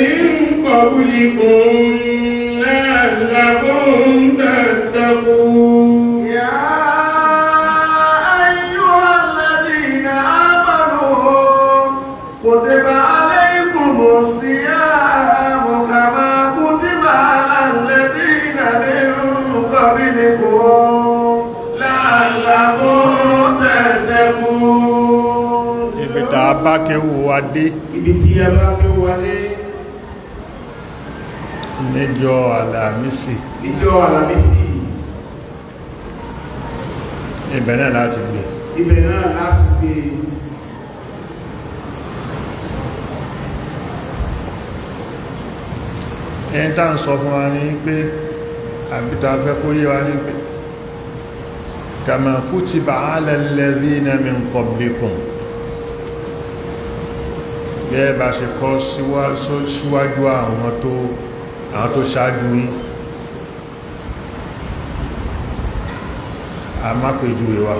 من قبلكم لعلكم تتقون يا أيها الذين آمنوا كتب عليكم الصيام كما كتب على الذين من قبلكم ibi tá a bá kéwù wa dé. ibi tí a bá níjọ́ àlàmísì níjọ́ àlàmísì ibẹ̀ náà láti gbé ibẹ̀ náà láti gbé ẹni tá ń sọ fún wa ní pé àbíta fẹ́ kó yíwa ní pé kàmà kutiba ala alladhina min qablikum bẹ́ẹ̀ bá ṣe kọ́ síwájú àwọn tó àwọn tó ṣáájú yín a má pèjúwe wa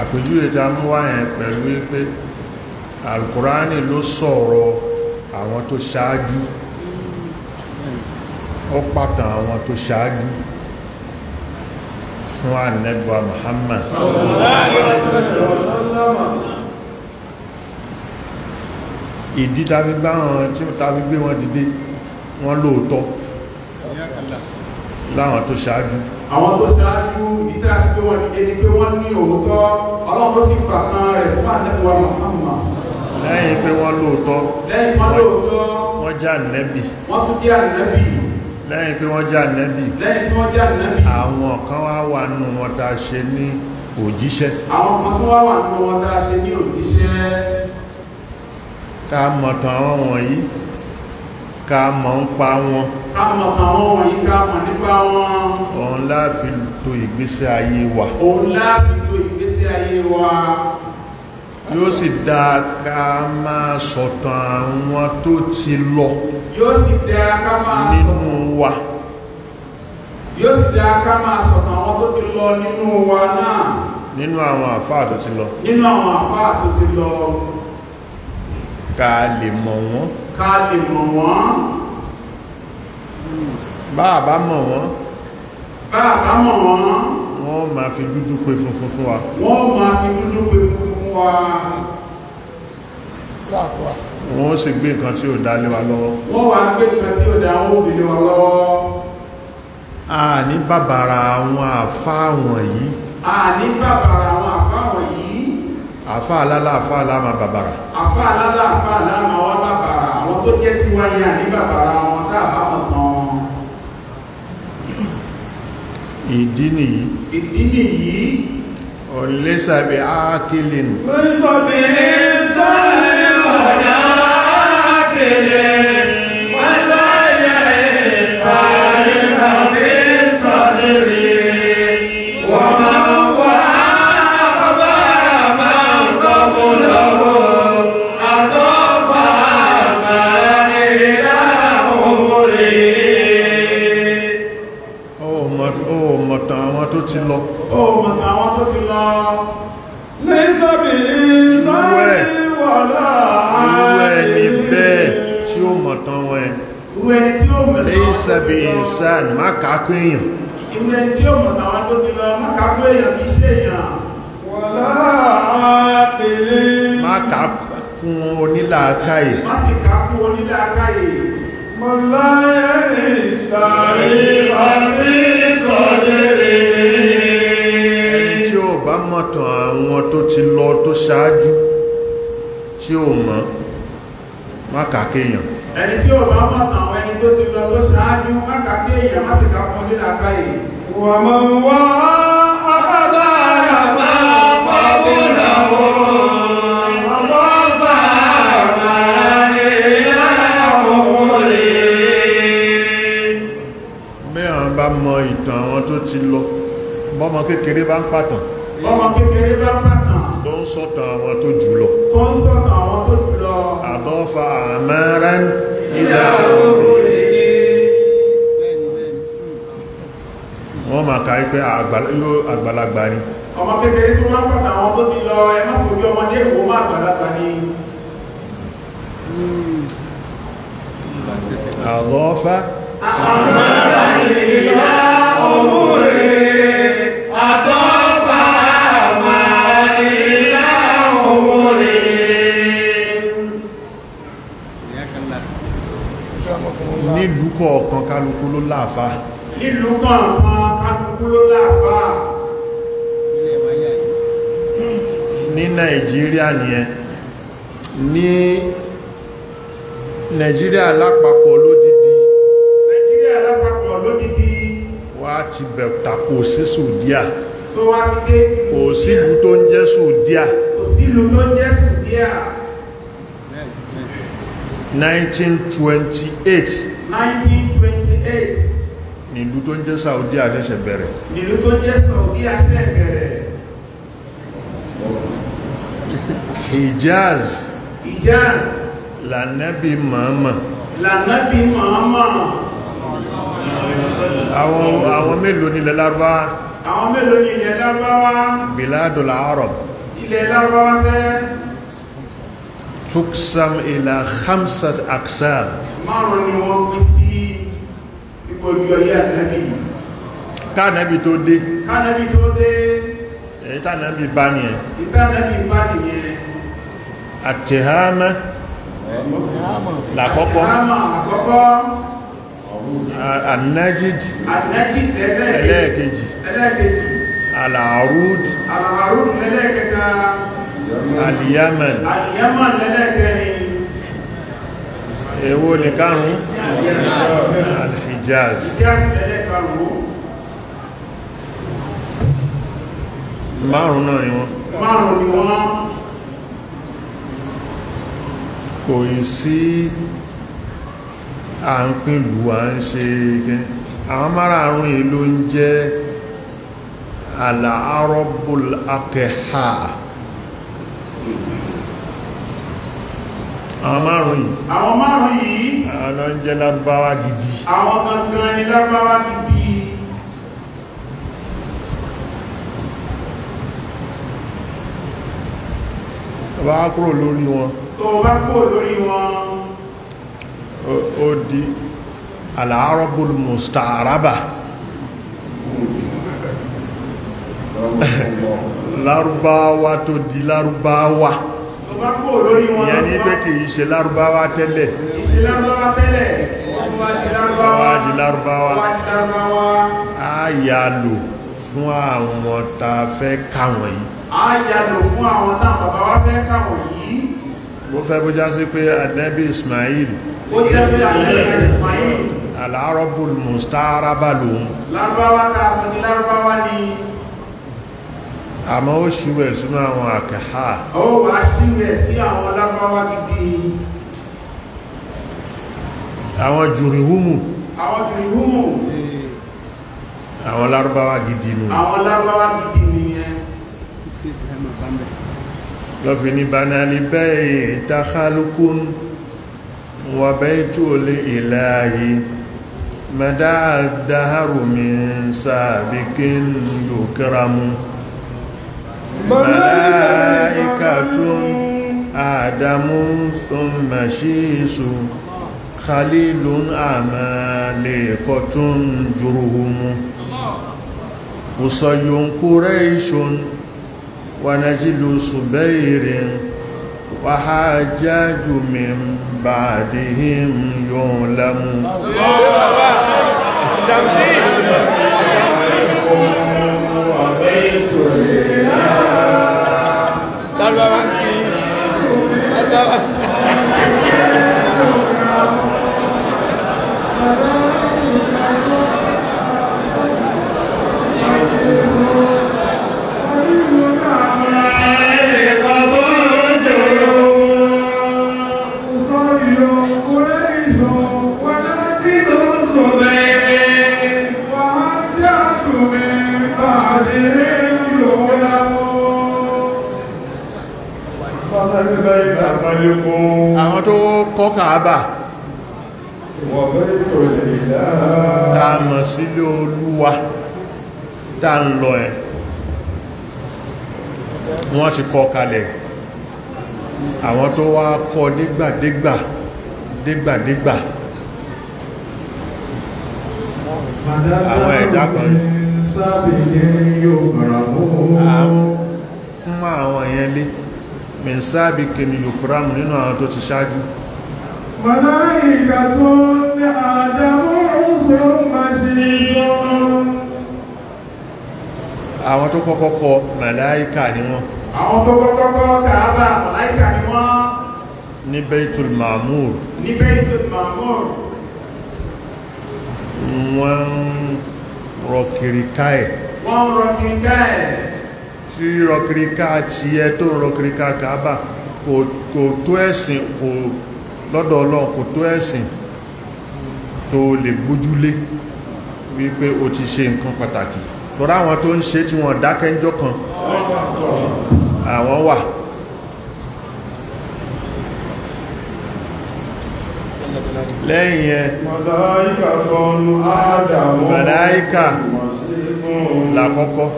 àpèjúwe tá mú wá yẹn pẹ̀lú wípé alukurani ló sọ̀rọ̀ àwọn tó ṣáájú ó pàtàn àwọn tó ṣáájú fún ànẹ́gbà Muhammad ìdí tàbí gbá wọn tí tàbí gbé wọn dìde wọn lóòótọ́ láwọn tó ṣáájú àwọn tó ṣáájú ìdí tàbí gbé wọn dìde ni pé wọ́n ní òótọ́ ọlọ́run sì pàkan rẹ̀ fún àdẹ́kùn wa Muhammad lẹ́yìn pé wọ́n lóòótọ́ wọ́n jẹ́ ànẹ́bì wọ́n tún jẹ́ ànẹ́bì lẹ́yìn pé wọ́n jẹ́ ànẹ́bì àwọn kan wá wà nù wọn tá a ṣe ní òjíṣẹ́ àwọn kan tó wá wà nù wọn tá a ṣe ní òjíṣẹ́ ká mọ̀tàn àwọn wọ̀nyí ká mọ̀ ń pa wọn ká mọ̀tàn àwọn wọ̀nyí ká mọ̀ nípa wọn òun láàfi tò ìgbésí ayé wa òun láàfi tò ìgbésí ayé wa yóò sì dáa ká máa sọ̀tàn àwọn tó ti lọ nínú wa yóò sì dáa ká máa sọ̀tàn àwọn tó ti lọ nínú wa náà nínú àwọn àfáà tó ti lọ nínú àwọn àfáà tó ti lọ ká lè mọ̀ wọ́n ká lè mọ̀ wọ́n bá àbá mọ̀ wọ́n bá àbá mọ̀ wọ́n wọ́n máa fi dúdú pè funfun fún wa wọ́n máa fi dúdú pè funfun fún wa wọ́n sì gbé nǹkan tí ó dá lé wa lọ́wọ́ wọ́n wá gbé nǹkan tí ó dá wọ́n bí lé wa lọ́wọ́ a ní bàbàrà àwọn àfáà wọ̀nyí a ní bàbàrà àwọn àfáà àfa alálà àfa aláma bàbàrà. àfa alálà àfa aláma wà bàbàrà àwọn tó jẹ́ tí wáyé àní bàbàrà wọn tá a bá wọn tán. ìdí nìyí. ìdí nìyí. ọ̀lẹ́sàbẹ̀ ákìlín. ọ̀lẹ́sàbẹ̀ ákìlín ọ̀dà ákìlín. ti lọ. ó mọ̀ sí àwọn tó ti lọ. ní sábì sáyé wọ̀lá ààrẹ ní bẹ́ẹ̀ tí ó mọ̀ tán wọn ẹ̀. ìwé ẹni tí ó mọ̀ tán. ní sábì sáyé má kàákó èèyàn. ìwé ẹni tí ó mọ̀ tán tó ti lọ má kàákó èèyàn kì í ṣe èèyàn. wọ̀lá ààrẹ má kàákún onílàákàyè. má sì kàákún onílàákàyè. Mọ̀láyẹ̀ ìtàrí àti sọ̀dẹ̀rẹ̀ wá mọ̀tàn àwọn tó ti lọ tó ṣáájú tí ò mọ̀ má ẹni tí ò bá mọ̀tàn àwọn ẹni tó ti lọ tó ṣáájú má má sì kàkọ́ nílà káyè wà mọ̀ wá àkàdá àràbà pàbó làwọn mọ ìtàn àwọn tó ti lọ bọ́mọ kékeré bá ń pàtàn ọmọ kékeré bá pàtàn tó ń sọ̀tàn àwọn tó jù lọ tó ń sọ̀tàn àwọn tó jù lọ àbọ́fà àmẹ́rẹ́ ìdá òòrùn wọ́n máa kárí pé àgbàlagbà ni ọmọ kékeré tó máa ń pàtà àwọn tó ti lọ ẹ má fojú ọmọdé ìwò máa àgbàlagbà ni àlọ́fà àmọ́ kọ̀ọ̀kan kálukú ló láàfá nílùú kọ̀ọ̀kan kálukú ló láàfá ní nàìjíríà nìyẹn ní nàìjíríà lápapọ̀ lódìdí nàìjíríà lápapọ̀ lódìdí wá ti bẹ̀ta kò sí sùdíà tó wá ti sùdíà kò sílù tó ń jẹ́ sùdíà 1928 1928 nílùú tó ń jẹ́ Saudi àṣẹ̀ṣẹ̀ bẹ̀rẹ̀ nílùú tó ń jẹ́ Saudi àṣẹ̀ṣẹ̀ bẹ̀rẹ̀ Hijaz Hijaz lànẹ́bí màmá lànẹ́bí màmá àwọn mélòó nílẹ̀ lárúbáwá àwọn mélòó nílẹ̀ lárúbáwá biladul arab ilẹ̀ lárúbáwá sẹ́ tuksam ila khamsat aksam márùn ni wọ́n pín sí ipò ojú ayé àtẹ́bì tánẹ́bì tó dé tánẹ́bì tó dé èyí tánẹ́bì bá ní ẹ̀ tánẹ́bì bá ní ẹ̀ àtẹ̀hámẹ́ làkọ́kọ́ anajid ẹlẹ́ẹ̀kejì alaarud alaarud lẹ́lẹ́kẹta aliyaman aliyaman lẹ́lẹ́kẹta èwo ní karùn Al-Hijaz márùn náà ni wọ́n márùn ni wọ́n kò yí sí à ń pínlú à ń ṣe gẹ́gẹ́ àwọn márààrún yìí ló ń jẹ́ al-Arabul àwọn márùn yìí àwọn márùn yìí àwọn jẹ́ lárúbáwá gidi àwọn gangan ni lárúbáwá gidi bá kúrò lórí wọn tó bá kúrò lórí wọn ó di al-arabul musta'araba lárúbáwá tó di lárúbáwá ṣùgbọ́n kúrò lórí wọn ìyẹn ní pé kì í ṣe lárúbáwá tẹ́lẹ̀ ìṣe lárúbáwá tẹ́lẹ̀ wá di lárúbáwá á yà lò fún àwọn tá a fẹ́ Ismail ó Ismail al-Arabul mustaraba lòun lárúbáwá tá sọ ní lárúbáwá ni àmọ́ ó ṣíwò ẹ̀ sínú àwọn àkàhà ó wá ṣíwò ẹ̀ sí àwọn lábáwá gidi àwọn jùrìhúmù àwọn jùrìhúmù àwọn lárúbáwá gidi nù àwọn lárúbáwá gidi nìyẹn lọ́fi ní banali bẹ́ẹ̀ takhalukun wà bẹ́ẹ̀ tó lè ìlàyé mẹ́dáàdáhàrùmí sàbíkín lòkíramú ملائكة آدم ثم شيس خليل عمالقة جرهم قصي قريش ونجل سبير وحاجاج من بعدهم يعلم الله bàbá ń kí bàbá. kàábà tá a mọ̀ sílé olúwa tá a ń lọ ẹ̀ wọ́n ti kọ́ kalẹ̀ àwọn tó wá kọ́ dégbàdégbà dégbàdégbà àwọn ẹ̀dá kan àwọn èèyàn lé mẹ́sáàbì kìnnìyàn kúrámù nínú àwọn tó ti ṣáájú ملائكة آدم ثم شيء àwọn tó kọ́kọ́ kọ màláíkà ni wọ́n àwọn tó kọ́kọ́ kọ kàábà màláíkà ni wọ́n ní Baitul Ma'mur ní Baitul Ma'mur wọ́n ń rọ kìríká ẹ̀ wọ́n ń rọ kìríká ẹ̀ tí rọ kìríká tiẹ̀ tó rọ kìríká kàábà kò tó ẹ̀sìn kò lọ́dọ̀ ọlọ́run kò tó ẹ̀sìn tó lè gbójúlé wípé o ti ṣe nǹkan pàtàkì lọ́rọ̀ àwọn tó ń ṣe tí wọ́n dákẹ́jọ́ kan àwọn wà lẹ́yìn ẹ màláíkà tó ń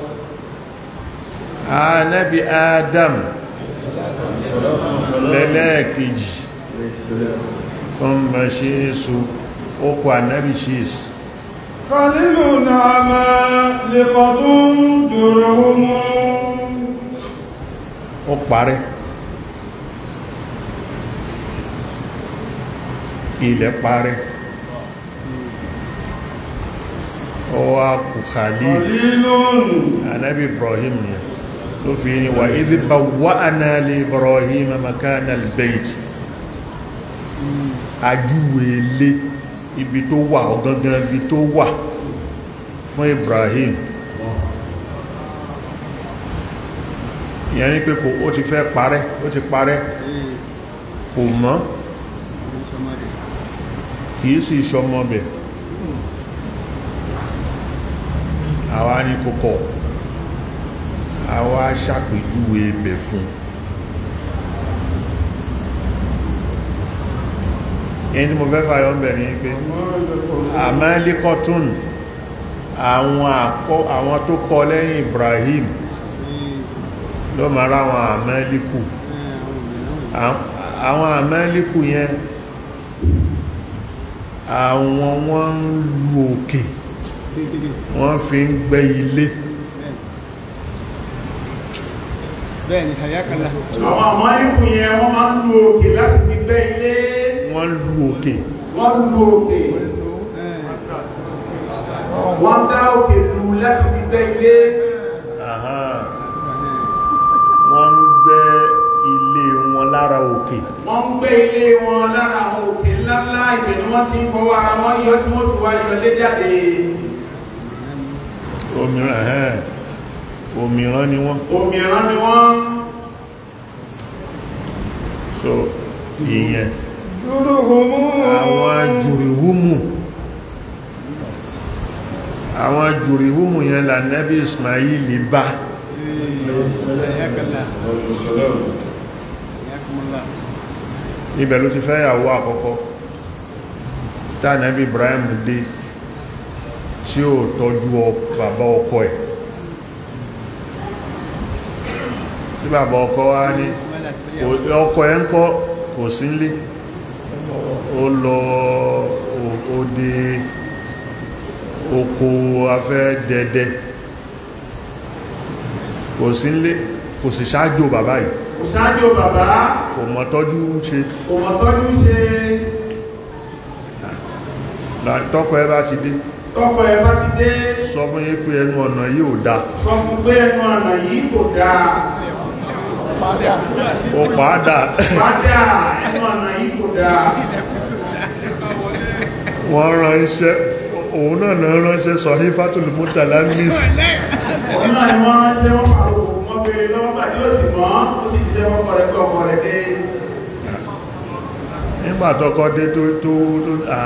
Adam lẹ́lẹ́ẹ̀kejì thumma shisu ó kọ ànábì shisu kọlílù náà máa lè kọ tó ń jòrò mú ó parẹ́ ilẹ̀ parẹ́ ọwá kù kàlí anábì ibrahim ni ló fi ní wà ìdíbà wà náà lè ibrahim makana al ajúwe ilé ibi tó wà ọ̀gangan ibi tó wà fún Ibrahim ìyẹn ni pé kò ó ti fẹ́ parẹ́ ó ti parẹ́ kò mọ́ kìí sì ṣọmọ bẹ̀ àwa ni kò kọ̀ àwa ṣàpèjúwe ibẹ̀ fún un èyí tí mo fẹ́ fàyọ́ ń bẹ̀rẹ̀ pé àmẹ́líkọ́tún àwọn tó kọ lẹ́yìn Ibrahim ló mara àwọn àmẹ́líkù àwọn àmẹ́líkù yẹn àwọn wọ́n ń lu òkè wọ́n fi ń gbẹ́ ilé bẹ́ẹ̀ni àyákàlá àwọn àmẹ́líkù yẹn wọ́n máa ń lu òkè láti fi gbẹ́ ilé wọ́n lu òkè wọ́n lu òkè wọ́n dá òkè lu láti fi tẹ́ ilé wọ́n ń gbẹ́ ilé wọn lára òkè wọ́n ń gbẹ́ ilé wọn lára òkè ńláńlá ìgbẹ̀ ni wọ́n ti ń fọwọ́ ara wọn yọ tí wọ́n fi wá yọ lé jáde òmìràn ẹ̀ òmìràn ni wọ́n òmìràn ni wọ́n so ìyẹn àwọn jùrìhúmù àwọn jùrìhúmù yẹn là nẹ́bí Ismail bá ibẹ̀ ló ti fẹ́ yàwó àkọ́kọ́ tá nẹ́bí Ibrahim dé tí ó tọ́jú bàbá ọkọ ẹ̀ tí bàbá ọkọ wá ní ọkọ ẹ̀ ń kọ́ kò sí nílé ó lọ òde oko afẹ́ dẹdẹ kò sí nlé kò sì ṣáájú bàbá yìí kò ṣáájú bàbá kò mọ̀ tọ́jú ṣe kò mọ̀ tọ́jú ṣe tọ́kọ ẹ bá ti dé tọ́kọ ẹ bá ti dé sọ fún yín pé ẹnu ọ̀nà yìí ò dáa sọ fún pé ẹnu ọ̀nà yìí kò dáa ó pàádà pàádà ẹnu ọ̀nà yìí kò dáa wọ́n ránṣẹ́ òun náà náà ránṣẹ́ sọ̀hí fátùlù mútà lámìsì òun náà ni wọ́n ránṣẹ́ wọ́n pàrò wọ́n bèèrè lọ́wọ́ pàdé ó sì mọ́ ó sì jẹ́ wọ́n kọ̀rẹ́ kọ̀ kọ̀rẹ́ dé nígbà tọkọ dé tó tó tó à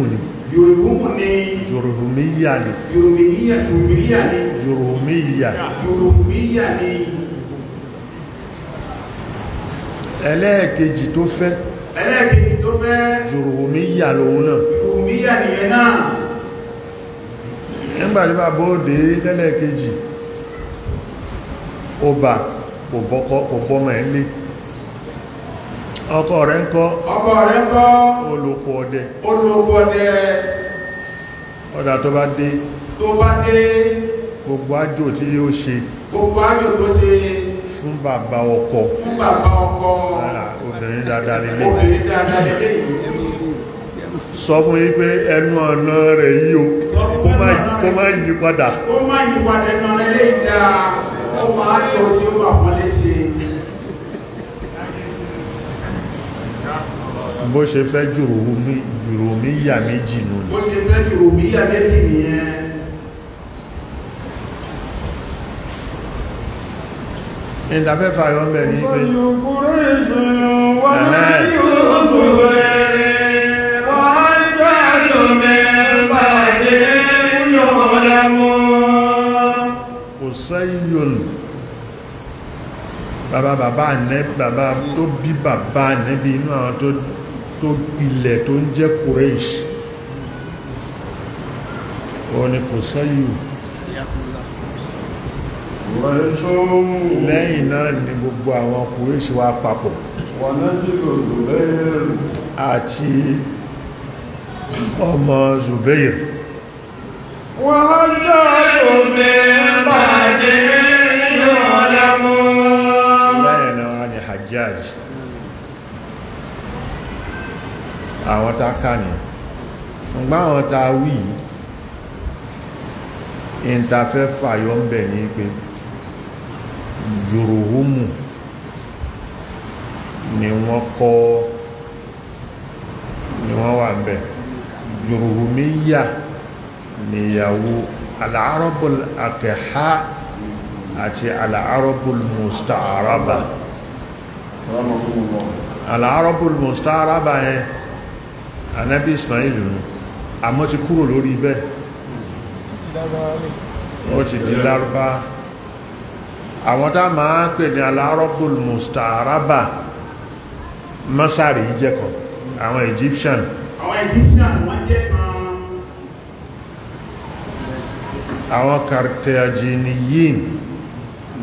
ọ̀dà Yorùbá ni. Yorùbá ni. Yorùbá ni. Yorùbá Yorùbá ni. Ẹlẹ́ẹ̀kejì tó fẹ́. Ẹlẹ́ẹ̀kejì tó fẹ́. Yorùbá lòun náà. Yorùbá nìyẹn náà. Nígbàtí bàbá òde lẹ́lẹ́ẹ̀kejì, ọba kò bọ́mọ ẹ̀ lé ọkọ rẹ̀ ń kọ́ ọkọ rẹ̀ ń kọ́ olùkọ́ ọdẹ olùkọ́ ọdẹ ọ̀dà tó bá dé tó bá dé gbogbo àjò tí yóò ṣe gbogbo àjò tó ṣe fún bàbá ọkọ fún bàbá ọkọ obìnrin dáadáa lélé obìnrin dáadáa lélé sọ fún yí pé ẹnu ọ̀nà rẹ̀ yí o kó má yí padà kó má yí padà ẹnu ọ̀nà lè dáa ó bó ṣe fẹ́ jùròmíyà méjì nù bó ṣe fẹ́ jùròmíyà méjì nìyẹn ìdàfẹ́fà yọ mẹ́ ní pé kò sẹ́yìn bàbá bàbá ànẹ́ bàbá tó bí bàbá ànẹ́bí inú àwọn tó tó ilẹ̀ tó ń jẹ́ Quraysh wọ́n ni kò sáyù lẹ́yìn náà ni gbogbo àwọn Quraysh wa papọ̀ àti ọmọ Zubair wọ́n jọ́ òmìnir bàdé yọ́ lẹ́mú lẹ́yìn náà ni Hajjaj àwọn tá kà ní ṣùgbọ́n àwọn tá wí ìntafẹ́ fàyọ ń bẹ̀ ní pé jùrùhùmù ni wọ́n kọ́ ni wọ́n wà ń bẹ̀ jùrùhùmíyà nìyàwó alárọ́bùl akẹ́há àti alárọ́bùl mùsítàrábà alárọ́bùl mùsítàrábà yẹn anabi ismail nù àmọ́ ti kúrò lórí bẹ́ẹ̀ ó ti di lárúbá àwọn tá máa ń pè ní alárọ́bùl mustaraba masari jẹ́kọ̀ọ́ àwọn egyptian àwọn egyptian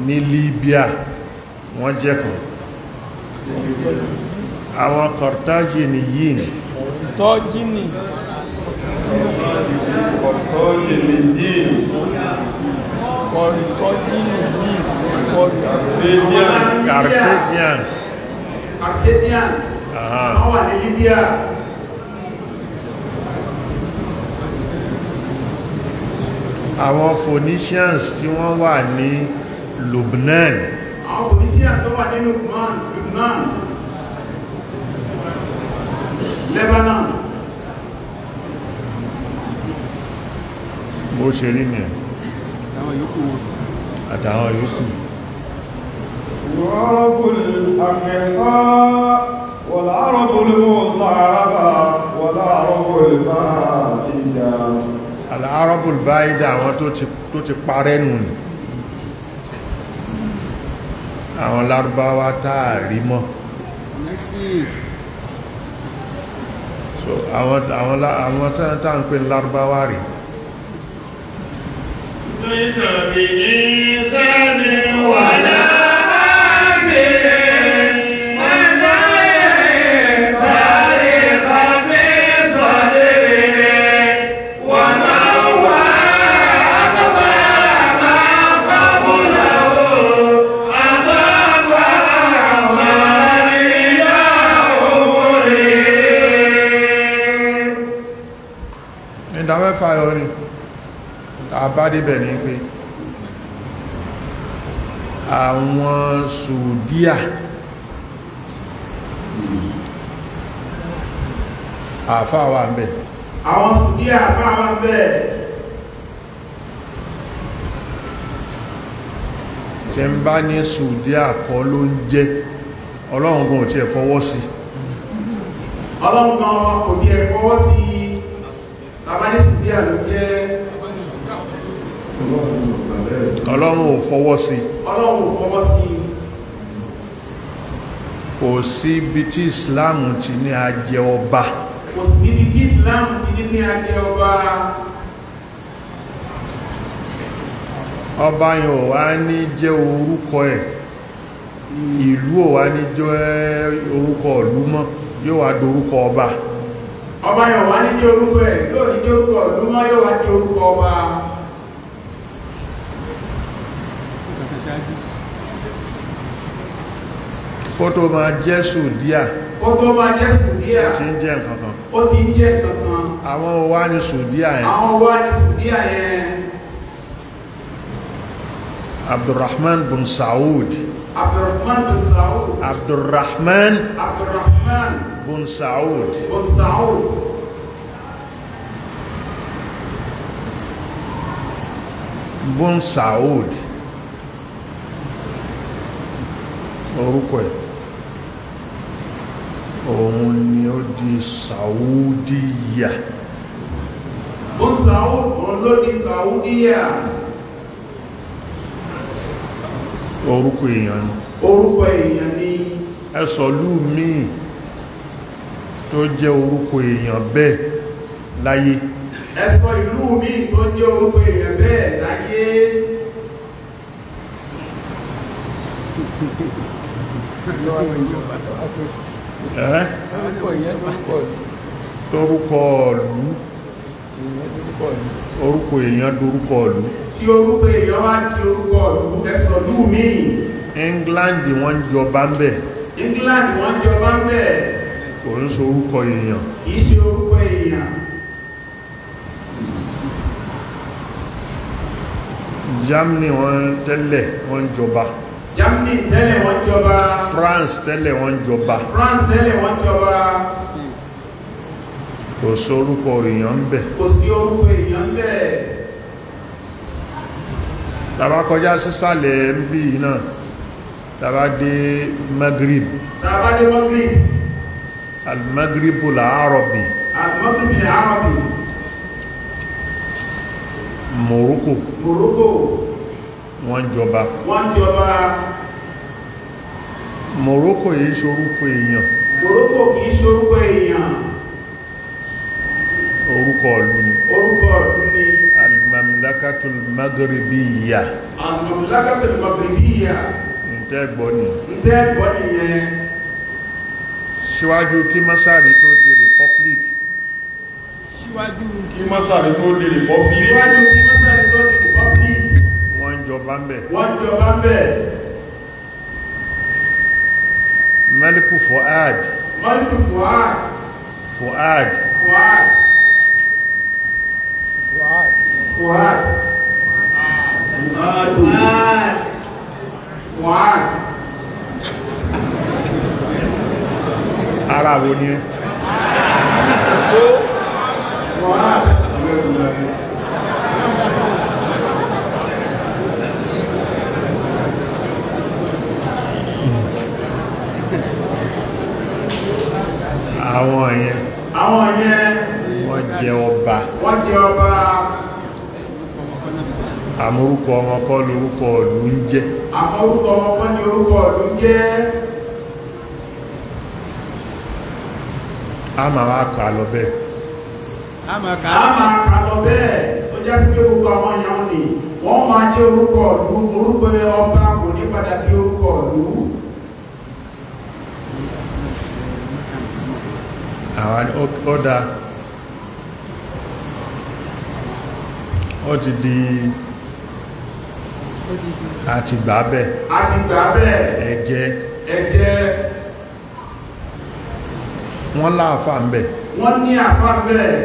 ní libya wọ́n jẹ́ àwọn carthaginian tọ́jìnì kọ̀tọ́jìnì yìí kọ̀tọ́jìnì yìí Carthaginians Carthaginians Carthaginians wọ́n wà ní Libya àwọn Phoenicians tí wọ́n wà ní Lubnan àwọn Phoenicians tó wà ní Lubnan Lebanon bó ṣe rí ni ẹ̀ àtàwọn yòókù rọ́bùn àkẹ́kọ́ wọ̀lá rọ́bùn sàáràbà wọ̀lá rọ́bùn bá ìjà àlárọ́bùn bá ìjà àwọn tó ti parẹ́ nù ní àwọn lárúbáwá táà rí mọ́ Thank so àwọn àwọn àwọn tá ń pè lárúbáwá rè lóyún sọ̀rọ̀ bí ní wà náà lọ́rin àbádébẹ̀ ní pé àwọn sùúdíà àfáwà ń bẹ̀ àwọn sùúdíà àfáwà ń bẹ̀ tí ń bá ní sùúdíà kọ́ ló ń jẹ́ ọlọ́run gan ò tiẹ̀ fọwọ́ sí ọlọ́run gan kò tiẹ̀ fọwọ́ sí amadisibiya ló jẹ́ ọlọ́run ò fọwọ́ sí ọlọ́run ò fọwọ́ sí kò sí ibi tí islam ti ní ajẹ ọba kò sí ibi tí islam ti ní ajẹ ọba ọba yẹn ò wá ní jẹ́ orúkọ ẹ̀ ìlú ò wá ní jẹ́ orúkọ ìlú mọ́ yóò wá dorúkọ ọba. Mm ọba yẹn wà ní ní orúkọ ẹ̀ yóò ní ní orúkọ ọ̀dúnmọ́ yóò wá ní orúkọ ọba. kótó máa jésù díà kótó máa jésù díà ó ti ń jẹ́ nǹkan kan o ti ń jẹ́ nǹkan kan àwọn wá ní sùdíà yẹn àwọn wá ní sùdíà yẹn abdulrahman bin saud abdulrahman bin saud abdulrahman abdulrahman bun Saud. Bun Saud. bun Saud orúkọ ẹ̀ òun ni ó di Saudiya bun Saud òun ló di Saudiya orúkọ èèyàn ni orúkọ èèyàn ni ẹsọ̀lú míì tó jẹ́ orúkọ èèyàn bẹ́ẹ̀ láyé ẹ sọ ìlú mi tó jẹ́ orúkọ èèyàn bẹ́ẹ̀ láyé orúkọ ọ̀lú orúkọ èèyàn dorúkọ ọ̀lú tí orúkọ èèyàn wá di orúkọ ọ̀lú ẹsọ̀ lú mi England wọ́n jọba ń bẹ̀ England wọ́n jọba ń bẹ̀ kò ń so orúkọ èèyàn kìí ṣe orúkọ èèyàn Germany wọ́n tẹ́lẹ̀ wọ́n jọba Germany tẹ́lẹ̀ wọ́n jọba France tẹ́lẹ̀ wọ́n jọba France tẹ́lẹ̀ wọ́n jọba kò sí orúkọ èèyàn ń bẹ kò sí orúkọ èèyàn ń bẹ tàbá kọjá sísàlẹ̀ ń náà tàbá dé Maghrib tàbá dé Maghrib المغرب العربي المغرب العربي morocco morocco wọ́n jọba wọ́n jọba morocco yìí ṣorúkọ èèyàn morocco kìí ṣorúkọ èèyàn orúkọ ìlú ni orúkọ ìlú ni al-mamlakatul maghribiyyah al-mamlakatul maghribiyyah ǹtẹ́ gbọ́ ni ǹtẹ́ gbọ́ ni yẹn síwájú kí Masari tó di republic síwájú kí Masari tó di republic síwájú kí Masari tó di republic wọ́n jọba ń bẹ̀ wọ́n jọba ń bẹ̀ ad. Fuad ad. Fuad ad. Fuad ad. Fuad ad. Fuad ad. ara wo ni ẹ tó àwọn yẹn àwọn yẹn wọ́n jẹ ọba wọ́n jẹ ọba àmọ́rúkọ ọmọ kọ́ lórúkọ ọ̀lú ń ní a máa wá kà lọ bẹ́ẹ̀. a máa kà lọ bẹ́ẹ̀ ó já sí pé gbogbo àwọn èèyàn ni wọ́n máa jẹ́ orúkọ ọ̀lú orúkọ ọba kò ní padà dé orúkọ ọ̀lú. àwọn ọ̀dà ó ti di àtìgbà bẹ́ẹ̀ àtìgbà bẹ́ẹ̀ ẹ̀jẹ̀ ẹ̀jẹ̀ wọ́n láàfà ń bẹ̀. wọ́n ní àfà bẹ́ẹ̀.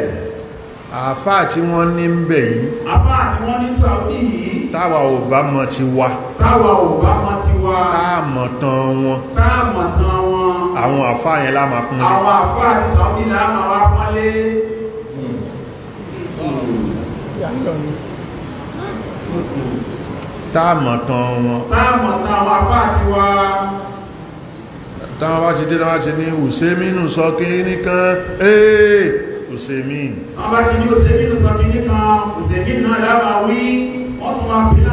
àfà tí wọ́n ní ń bẹ̀ yìí. àfà tí wọ́n ní Saudi yìí. táwa ò bá mọ ti wa. táwa ò bá mọ ti wa. tá a mọ̀ tán wọn. tá a mọ̀ tán wọn. àwọn àfà yẹn la máa kúnlé. àwọn àfà tí Saudi la máa wá pọ́nlé. tá a mọ̀ tán wọn. tá a mọ̀ tán wọn àfà ti wa táwọn bá ti dé táwọn ti ní òsèmínú sọ kìíní kan ee òsèmín. wọ́n bá ti ní òsèmínú sọ kìíní kan òsèmín náà lábàá wí wọ́n tún máa pín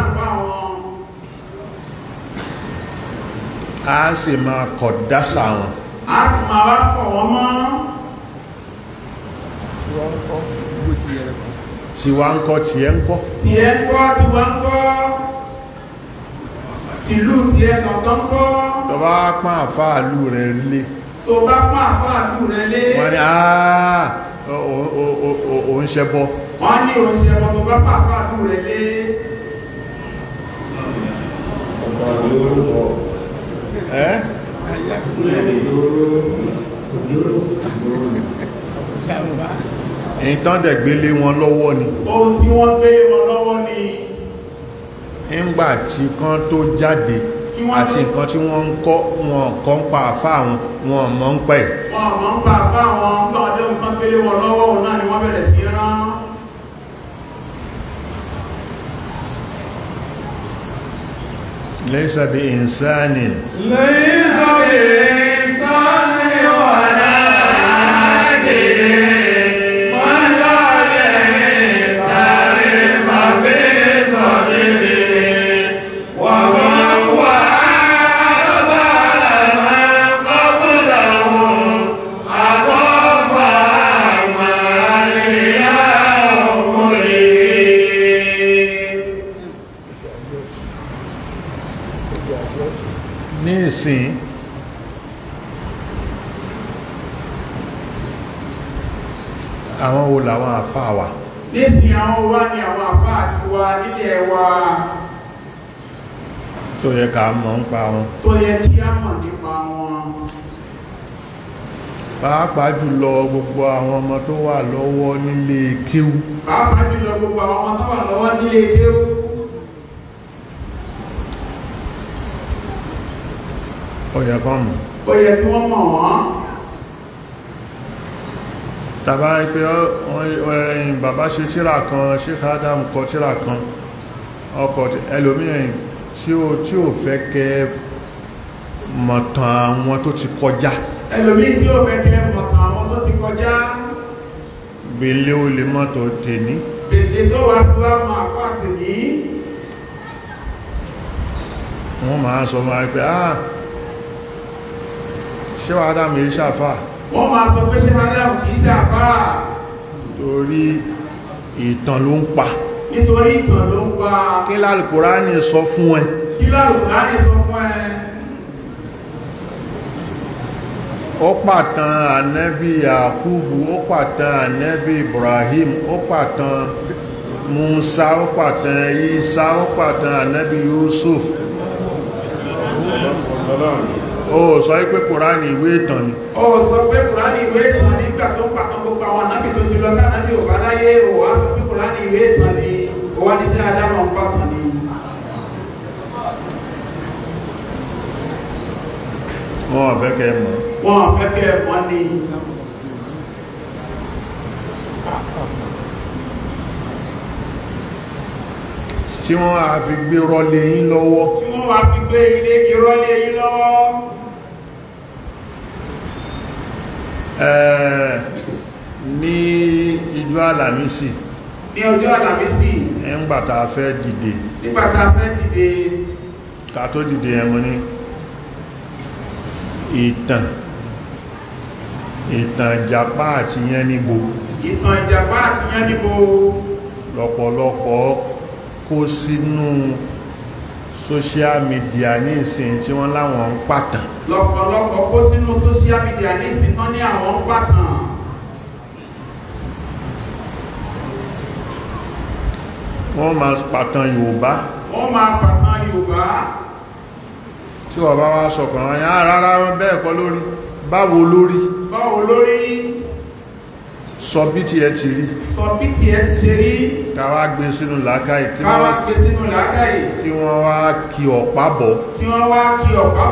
a sì máa kọ̀ dásà wọn. a tún máa wá fọ̀ wọ́n mọ́. tiwa ń kọ́ tiẹ̀ ń kọ́. tiẹ̀ ń kọ́ tiwa ń kọ́ tìlú ti ẹ kankan kọ́ tó bá pán àfáàlú rẹ̀ lé tó bá pán àfáàlú rẹ̀ lé wọ́n ni àà ò ń ṣẹbọ wọ́n ní ò ń ṣẹbọ tó bá pán àfáàlú rẹ̀ lé ẹ́ ìtàn dẹ̀gbélé wọn lọ́wọ́ ni ohun tí wọ́n gbélé wọn lọ́wọ́ ni ńgbà tí kan tó jáde àti nǹkan tí wọ́n ń kọ́ wọn kọ́ ń pa àfá àwọn wọn mọ́ ń pẹ̀. wọn mọ́ ń pa àfá àwọn gbọ́dọ̀ nǹkan pélé wọn lọ́wọ́ òun náà ni wọ́n bẹ̀rẹ̀ sí rán. ليس بإنسان ليس بإنسان mọ̀ ń pa wọn tó yẹ kí a mọ̀ nípa wọn pàápàá jùlọ gbogbo àwọn ọmọ tó wà lọ́wọ́ nílé kéwú pàápàá jùlọ gbogbo àwọn ọmọ tó wà lọ́wọ́ nílé kéwú ó yẹ kán mọ̀ ó yẹ kí wọ́n mọ̀ wọ́n tàbá pé bàbá ṣe tírà kan Sheikh Adam kọ tírà kan ọkọ̀ ẹlòmíràn tí ó tí ó fẹ́ kẹ́ mọ̀tàn àwọn tó ti kọjá ẹlòmí tí ó fẹ́ kẹ́ mọ̀tàn àwọn tó ti kọjá gbèlé ó lè mọ́tò tèní gbèlé tó wà tó wà mọ́ àfá tèní wọ́n máa sọ máa pẹ́ ah ṣé wà ádámù yìí ṣàfà wọ́n máa sọ pé ṣé ádámù kìí ṣàfà torí ìtàn ló ń pa nítorí ìtàn ló ń pa kí lálùkùránì sọ fún ẹ kí lálùkùránì sọ fún ẹ ó pàtàn ànẹ́bí Yakubu ó pàtàn ànẹ́bí Ibrahim ó pàtàn Musa ó pàtàn Isa ó pàtàn ànẹ́bí Yusuf ó sọ pé kùránì ìwé ìtàn ni ó sọ pé kùránì ìwé ìtàn nígbà tó pàtàkì gbogbo àwọn anábì tó ti lọ káàkiri ò bá láyé ò wá sọ pé kùránì ìwé ìtàn ni ó wá ní sí adámọ̀ ń pàtó ní wọ́n fẹ́ kẹ́ mọ̀ wọ́n fẹ́ kẹ́ mọ̀ ní tí wọ́n a fi gbé rọlé yín lọ́wọ́ tí wọ́n a fi gbé ilé ìrọlé yín lọ́wọ́ ní ìjọ alàmísì ní ọjọ́ alàmísì nígbàtà fẹ́ dìde nígbàtà fẹ́ dìde ká tó dìde ẹmọ ní ìtàn ìtàn Ìjàpá àti Yáníbo ìtàn Ìjàpá àti Yáníbo lọ́pọ̀lọpọ̀ kó sínú social media ní ìsìn tí wọ́n láwọn ń pàtàn lọ́pọ̀lọpọ̀ kó sínú social media ní ìsìn tán ní àwọn ń pàtàn wọ́n máa pàtàn Yorùbá wọ́n máa pàtàn Yorùbá tí ọba wá sọ̀kàn wọn yá ah, rárá bẹ́ẹ̀ kọ́ lórí báwo lórí báwo lórí sọ bí ti ẹ ti rí sọ bí ti ẹ ti ṣe rí káwá gbé sínú làákàyè kí wọ́n gbé sínú làákàyè kí wọ́n wá kí ọ̀pá bọ̀ kí wọ́n kúrò ká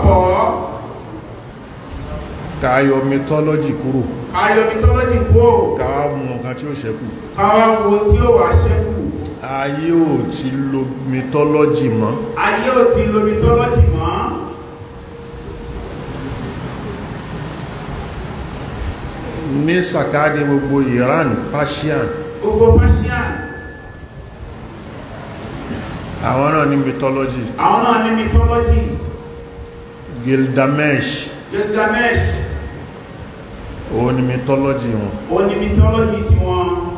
mú nǹkan tí ó ṣẹ́kù ká wá tí ó wà ṣẹ́kù ayé ò ti lo mythology mọ́. ayé ò ti lo mythology mọ́. ní sàkáàdì gbogbo Iran Persian. gbogbo Persian. àwọn náà ní mythology. àwọn náà ní mythology. Gildamesh. Gildamesh. òun ni mythology wọn. òun ni mythology tiwọn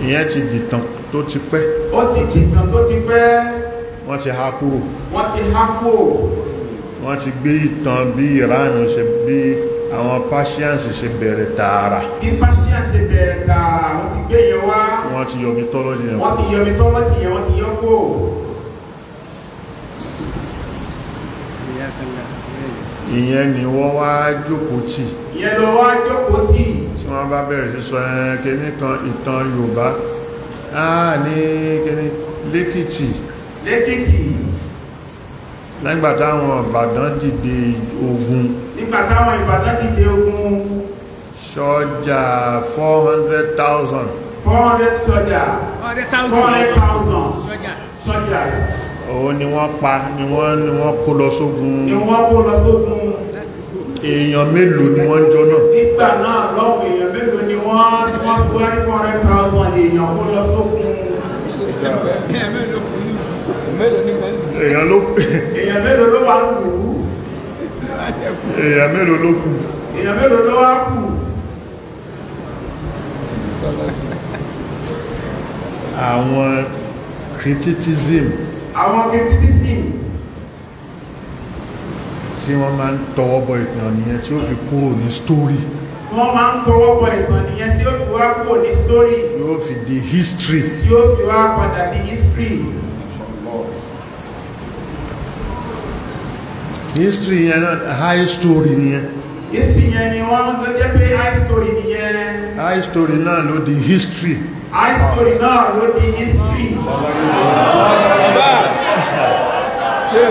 ìyẹn ti dìtàn tó ti pẹ́ ó ti dìtàn tó ti pẹ́ wọ́n ti há kúrò wọ́n ti há kúrò wọ́n ti gbé ìtàn bí Iran ṣe bí àwọn Persians ṣe bẹ̀rẹ̀ tààrà bí Persians ṣe bẹ̀rẹ̀ tààrà wọ́n ti gbé yẹn wá wọ́n ti yọ mythology yẹn wọ́n ti yọ mythology yẹn wọ́n ti yọ kúrò ìyẹn ni wọ́n wá jókòó tì ìyẹn ló wá jókòó tì tí wọ́n bá bẹ̀rẹ̀ sí sọ ẹn kìíní kan ìtàn Yorùbá áà ní kìíní lẹ́kìtì lẹ́kìtì nígbà táwọn Ìbàdàn dìde ogun nígbà táwọn Ìbàdàn dìde ogun ṣọ́jà 400,000 400 ṣọ́jà 400,000 ṣọ́jà òun ni wọ́n pa ni wọ́n ni wọ́n kó lọ sógun ni wọ́n kó lọ sógun èèyàn mélòó ni wọ́n jọ náà nígbà náà lọ́wọ́ èèyàn mélòó ni wọ́n tí wọ́n kó wárí four hundred èèyàn kó lọ sógun èèyàn ló èèyàn mélòó ló wà kú èèyàn mélòó ló kù èèyàn mélòó ló wà kù àwọn criticism àwọn kìtìtìsì tí wọ́n máa ń tọwọ́ bọ ìtàn nìyẹn tí ó fi kúrò ní story. wọ́n máa ń tọwọ́ bọ ìtàn nìyẹn tí ó fi wá kúrò ní story. yóò fi di history. tí ó fi wá padà di history. history yẹn náà high story nìyẹn. history yẹn ni wọ́n tó jẹ́ pé high story nìyẹn. high story náà ló di history. high story náà ló di history so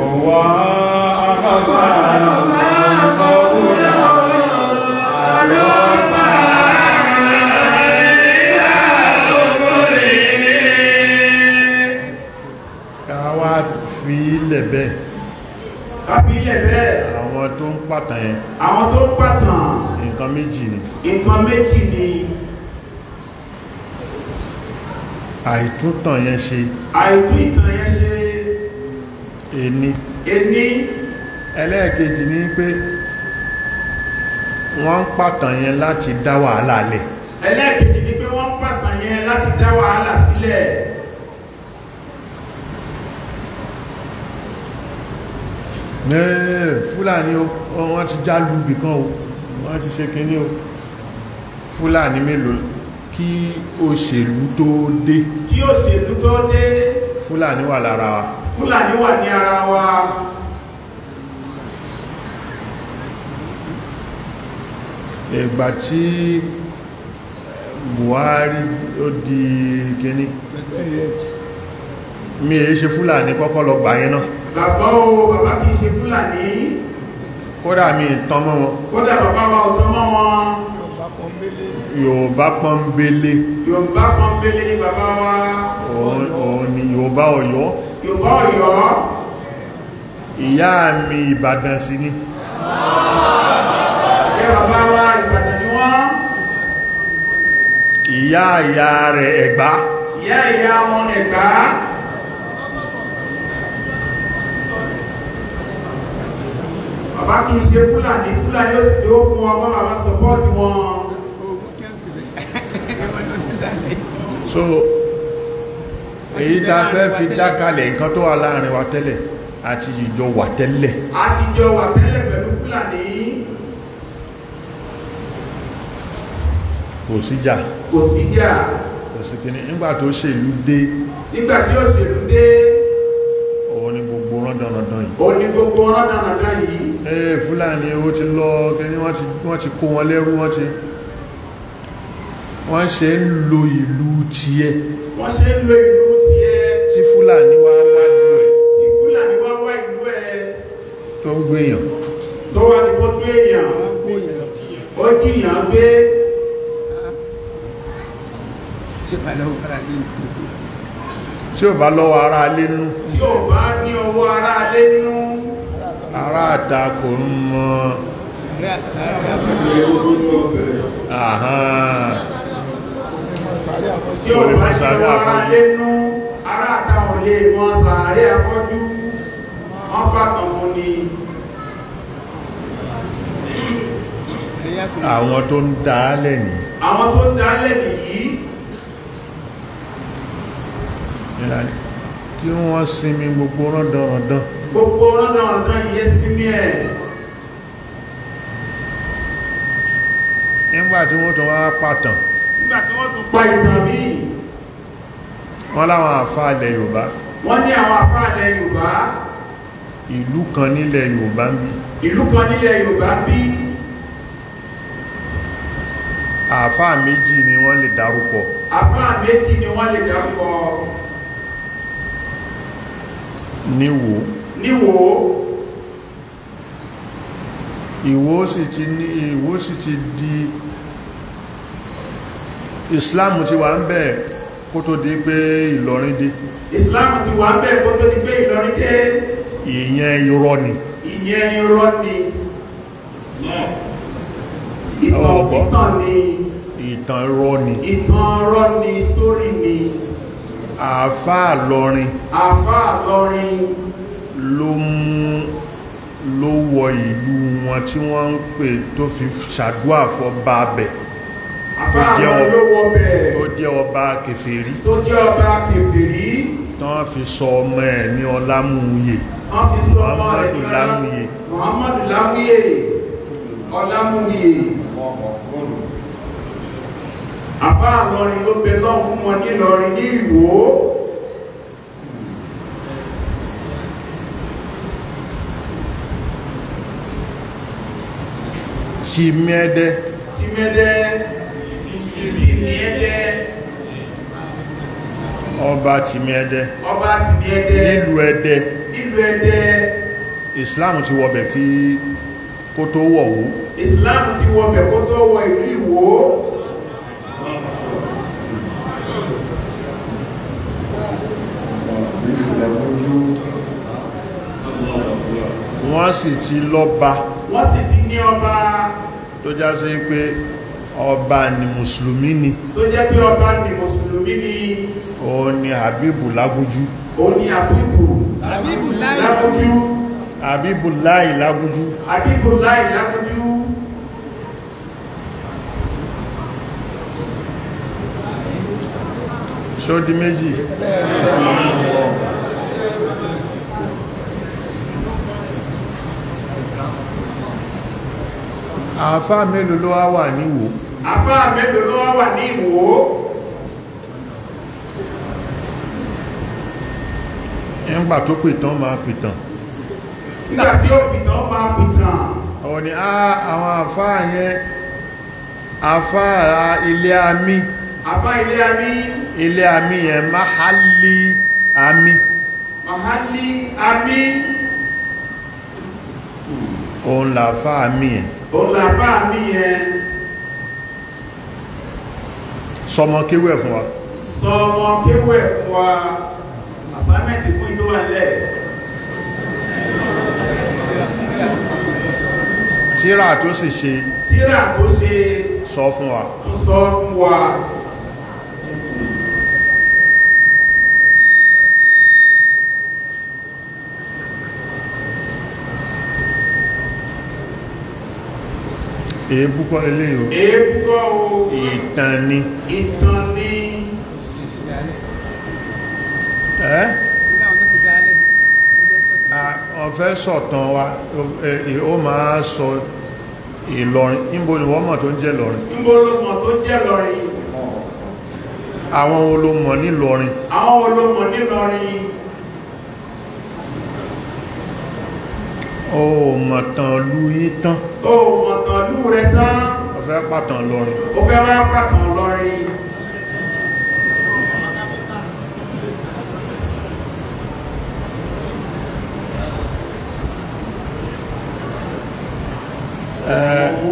ọwọ́ akọ́kọ́ àlọ́. ilẹ̀ bẹ́ẹ̀. àbí ilẹ̀ bẹ́ẹ̀. àwọn tó ń pàtàn yẹn. àwọn tó ń pàtàn nǹkan méjì ni nǹkan méjì ni àìtúntàn yẹn ṣe àìtúntàn yẹn ṣe ẹni ẹni ẹlẹ́ẹ̀kejì ni pé wọ́n ń pàtàn yẹn láti dá wàhálà lẹ̀ ẹlẹ́ẹ̀kejì ni pé wọ́n ń pàtàn yẹn láti dá wàhálà sílẹ̀ ẹ̀ẹ́ fúlàní wọ́n ti já lùbì kan o wọ́n ti ṣe kínní o fúlàní mélòó kí òṣèlú tó dé kí òṣèlú tó dé fúlàní wà lára wa fúlàní wà ní ara wa ìgbà tí buhari ó di kíní mi èé ṣe fúlàní kọ́kọ́ lọ gbà yẹn náà bàbá o bàbá kìí ṣe fúlàní kódà mi ìtọ́mọ́ wọn kódà bàbá wa ọ̀tọ́mọ́ wọn Yorùbá pọ́nbélé Yorùbá pọ́nbélé ni bàbá wa òun ni Yorùbá Ọ̀yọ́ Yorùbá Ọ̀yọ́ ìyá mi Ìbàdàn sí ni ìyá ìyá rẹ̀ Ẹ̀gbá ìyá ìyá wọn Ẹ̀gbá bàbá kì í ṣe fúlàní fúlàní ó sì tó fún ọmọ bàbá sọpọ́ọ̀tì wọn. so èyí tá a fẹ́ fi dákalẹ̀ nǹkan tó wà láàrin wa tẹ́lẹ̀ àti ìjọ wà tẹ́lẹ̀ àti ìjọ wà tẹ́lẹ̀ pẹ̀lú fúlàní kò síjà kò síjà kò sí kìíní nígbà tó ṣèlú dé nígbà tí ó ṣèlú dé dánadán yìí ó ní gbogbo ọ̀rọ̀ dánadán yìí ee fúlàní owó ti lọ kẹni wọ́n ti kó wọn lẹ́rú wọ́n ti wọ́n ṣe ń lo ìlú ti ẹ wọ́n ṣe ń lo ìlú ti ẹ tí fúlàní wá wá ìlú ẹ tí fúlàní wá wá ìlú ẹ tó ń gbé èèyàn tó wà ní wọ́n èèyàn ó jìyàn gbé ṣe pàdé òfin àdéhùn tí ò bá lọ́wọ́ ara alé nú tí ò bá ní ọwọ́ ara alé nú ara àta kò ń mọ́ tí ò bá ní ọwọ́ ara alé nú ara àta ò lè mọ́ sàárẹ́ afọ́jú wọ́n bá kàn fún àwọn tó ń dálẹ̀ nìyí kí wọ́n sinmi gbogbo rọ́dọ̀rọ̀dán gbogbo rọ́dọ̀rọ̀dán yẹ sinmi ẹ̀ nígbàtí wọ́n tún wá pàtàn nígbàtí wọ́n tún pa ìtàn míì wọ́n láwọn àfáà ilẹ̀ Yorùbá wọ́n ní àwọn àfáà ilẹ̀ Yorùbá ìlú kan nílẹ̀ Yorùbá ń bí ìlú kan nílẹ̀ Yorùbá ń bí àfáà méjì ni wọ́n lè dárúkọ àfáà méjì ni wọ́n lè dárúkọ níwò níwò ìwò sì ti ní ìwò sì ti di islam ti wà ń bẹ̀ kó tó di pé ìlọrin dé islam ti wà ń bẹ̀ kó tó di pé ìlọrin dé ìyẹn irọ́ ni ìyẹn irọ́ ni ìtàn ni ìtàn ni ìtàn irọ́ ni story ni àáfàá lọrin àáfàá lọrin ló mú ló wọ ìlú wọn tí wọ́n ń pè tó fi ṣàdúà fọ́ bá bẹ̀ tó jẹ́ ọba kèfèrí tó jẹ́ ọba kèfèrí tán fi sọ ọmọ ẹ̀ ní ọlámúyè Muhammadu lámúyè Muhammadu lámúyè ọlámúyè àbá àlọrin ló bẹ lọ́hùn fún wọn nílọrin ní ìwò tìmẹ́dẹ́ tìmẹ́dẹ́ tìmẹ́dẹ́ ọba tìmẹ́dẹ́ ọba tìmẹ́dẹ́ nílùú ẹdẹ nílùú ẹdẹ islam ti wọbẹ̀ kí kó tó wọ̀ wó islam ti wọbẹ̀ kó tó wọ ìlú ìwò wọ́n sì ti lọ́ba wọ́n sì ti ní ọba tó já sí pé ọba ni mùsùlùmí ni tó jẹ́ pé ọba ni mùsùlùmí ni òun ni àbíbù lágújú òun ni àbíbù lágújú àbíbù láì lágújú àbíbù láì lágújú ṣó di méjì àfá mélòó ló wà ní Ìwó àfá mélòó ló wà ní Ìwó ẹgbà tó pìtàn máa pìtàn nígbà tí ó pìtàn máa pìtàn ọ̀wọ̀ ni àwọn àfá yẹn àfá ilé àmì àfá ilé àmì ilé àmì yẹn máhálí àmì máhálí àmì òun làfá àmì yẹn òun là fà mí yẹn sọmọ kéwẹ̀ fún wa sọmọ kéwẹ̀ fún wa assignment fún ìjọba lẹ́ẹ̀ tíra tó sì ṣe tíra tó ṣe sọ fún wa sọ fún wa èébú kọ́ lélẹ́ o èébú kọ́ o ìtàn ni ìtàn ni ẹ́ ọ̀fẹ́ sọ̀tàn wa ó máa sọ ìlọrin níbo ni wọ́n mọ̀ tó ń jẹ́ lọrin níbo ló mọ̀ tó ń jẹ́ lọrin àwọn olómọ̀ nílọrin àwọn olómọ̀ nílọrin ó mọ̀ tàn lu yín tán ó mọ̀tàn lú rẹ̀ tán ó fẹ́ pàtàn lọ́rin ó fẹ́ wá pàtàn lọ́rin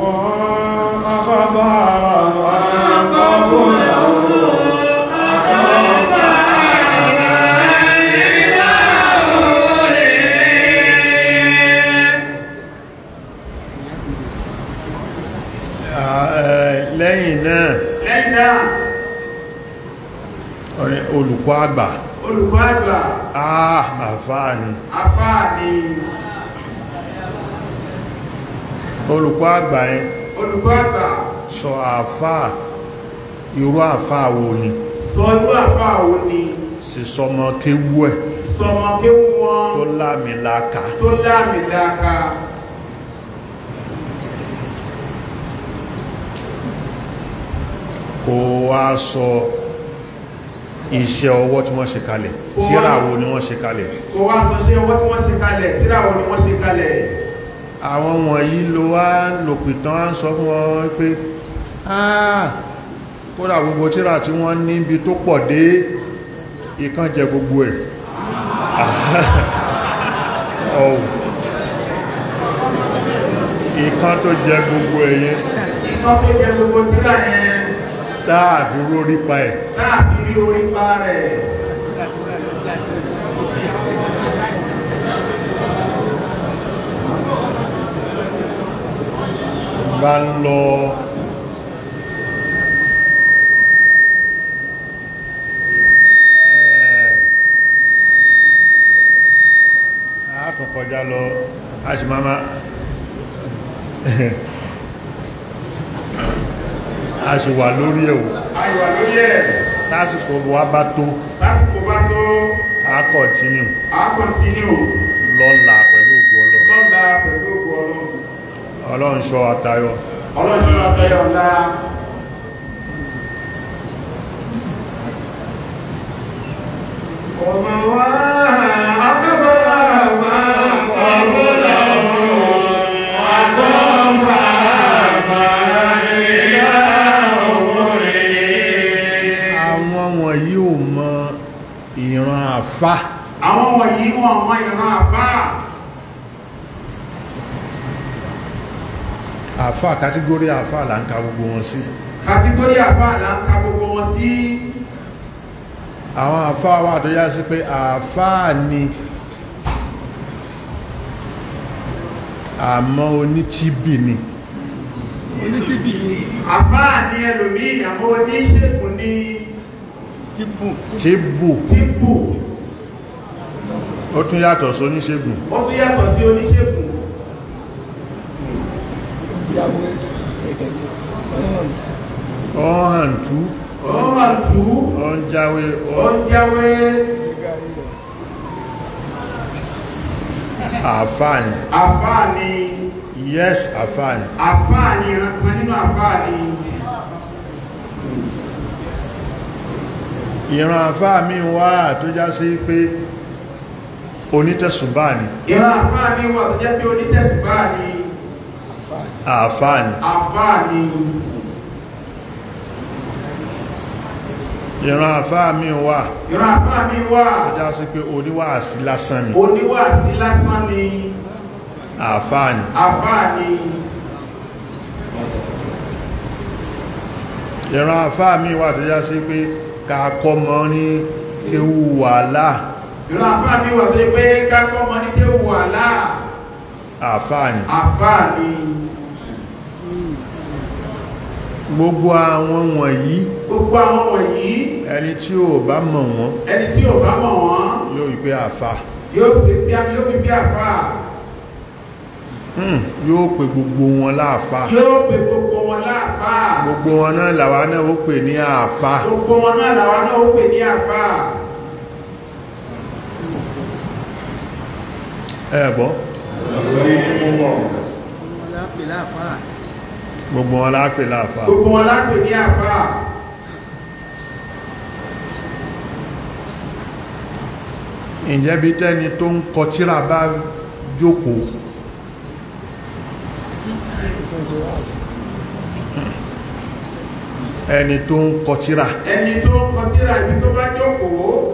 wọ́n àgbà olùkọ́ àgbà ah àfáà ni àfáà ni olùkọ́ àgbà ẹ olùkọ́ àgbà sọ àfáà irú àfáà wo ni sọ irú àfáà wo ni sì sọmọ kéwú ẹ̀ tó láàmìlàkà tó wá sọ so, iṣẹ́ ọwọ́ tí wọ́n ṣe kalẹ̀ tírà wo ni wọ́n ṣe kalẹ̀ kò wá sọ ṣe ọwọ́ tí wọ́n ṣe kalẹ̀ tírà wo ni wọ́n ṣe kalẹ̀ àwọn wọ̀nyí ló wá lòpìtàn á ń sọ fún wọn pé kódà gbogbo tírà tí wọ́n níbi tó pọ̀ dé ìkan jẹ gbogbo ẹ̀ ìkan tó jẹ gbogbo ẹ̀yẹ ìkan tó jẹ gbogbo tírà yẹn tá a fi rí orí pa ẹ̀. tá a pa rẹ̀. bá sì wà lórí ẹ̀ o ayọ̀ lórí ẹ̀ tásìkò wa bá tó tásìkò bá tó a kọ̀ntínú a kọ̀ntínú lọ́la pẹ̀lú ògo ọlọ́run lọ́la pẹ̀lú ògo ọlọ́run ọlọ́run ṣọ́ àtayọ ọlọ́run ṣọ́ àtayọ ọ̀la àfá àwọn wọ̀nyí wọn mọ ìran àfá àfá kàtígórí àfá là ń ka gbogbo wọn sí kàtígórí àfá là ń ka gbogbo wọn sí àwọn àfá wà tó yá sí pé àfá ni àmọ́ onítìbì ni onítìbì ni àfá ni ẹlòmí àmọ́ oníṣègùn ni tìbù tìbù tìbù ó tún yàtọ̀ sí oníṣègùn ó tún yàtọ̀ sí oníṣègùn ọ̀hàntú ọ̀hàntú àfáàní àfáàní yes àfáàní àfáàní ìrànkan nínú àfáàní ìran àfáà mi wá tó já sí pé onítẹ̀sùbáà ni ìran àfáà ni wà tó jẹ́ pé onítẹ̀sùbáà ni ah, àfáà ni àfáà ni ìran àfáà mi wà ìran àfáà mi wà ó dá sí pé oníwàásí lásán ni oníwàásí lásán ni àfáà ni àfáà ni ìran àfáà mi wà tó já sí pé kakọ́ mọ́ ní kéwú wàhálà ìran àfáà mi wà pé pé kákọ́ mọ́ ní tí ó wà láà àfáà ni àfáà ni gbogbo àwọn wọ̀nyí gbogbo àwọn wọ̀nyí ẹni tí ò bá mọ̀ wọ́n ẹni tí ò bá mọ̀ wọ́n yóò wípé àfáà yóò wípé àfáà yóò pè hmm, gbogbo wọn láàfáà yóò pè gbogbo wọn láàfáà gbogbo wọn náà làwa náà ó pè ní àfáà gbogbo wọn náà làwa náà ó pè ní àfáà ẹ̀gbọ́ gbogbo wọn láàpè láàfà gbogbo wọn láàpè ní àfà ìjẹ́bí tẹ́ni tó ń kọ tíra bá jókòó ẹni tó ń kọ tíra ẹni tó ń kọ tíra ibi tó bá jókòó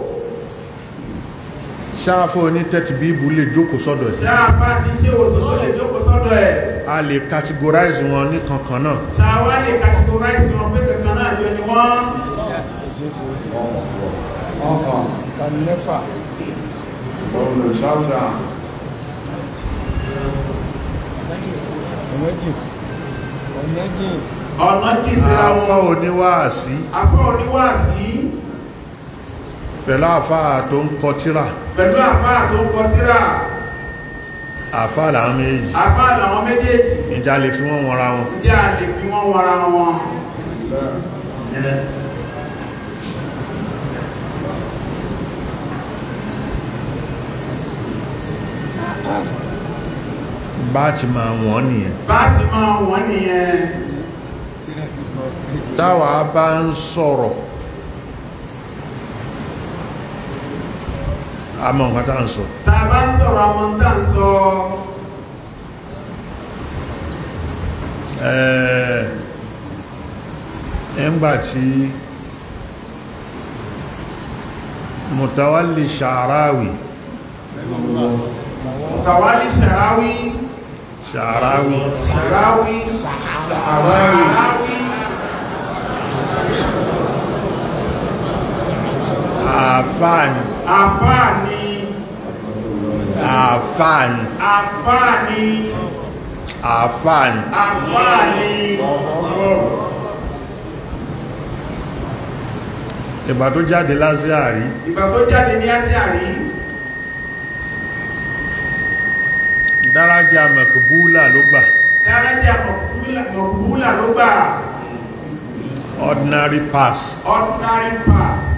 ṣáàfọ́ oní tẹ́tìbíbù lè jókòó sọ́dọ̀ ẹ̀ ṣáàfá ti ṣe òṣìṣọ́ lè jókòó sọ́dọ̀ ẹ̀ a lè categorize wọn ní kankan náà ṣáàwá lè categorize wọn pé kankan náà jọ ni wọ́n ọ̀hàn ọ̀hàn ṣáṣà ọ̀nẹ́jì ọ̀nẹ́jì ọ̀nà jì síra wọn afọ́ oníwáàsí afọ́ oníwáàsí pẹ̀lú àfáà tó ń kọ tírà pẹ̀lú àfáà tó ń kọ tírà àfáà làwọn méjèèjì àfáà làwọn méjèèjì ìjà lè fi wọ́n wọra wọn ìjà lè fi wọ́n wọra wọn bá ti máa wọ́n nìyẹn bá ti máa wọ́n nìyẹn táwa bá ń sọ̀rọ̀ àmọ́ nǹkan tá à ń sọ. tàbá sọ̀rọ̀ àmọ́ tá à ń sọ. ẹ̀ẹ́ngbà tí mutawalli sha'rawi mutawalli sha'rawi sha'rawi sha'rawi sha'rawi àfáàní àfáàní àfààní. àfààní. àfààní. àfààní. ìgbà tó jáde lásìá rí. ìgbà tó jáde ní àsìá rí. dárájà mọ̀kúbúlà ló gbà. dárájà mọ̀kúbúlà ló gbà. ordinary pass. ordinary pass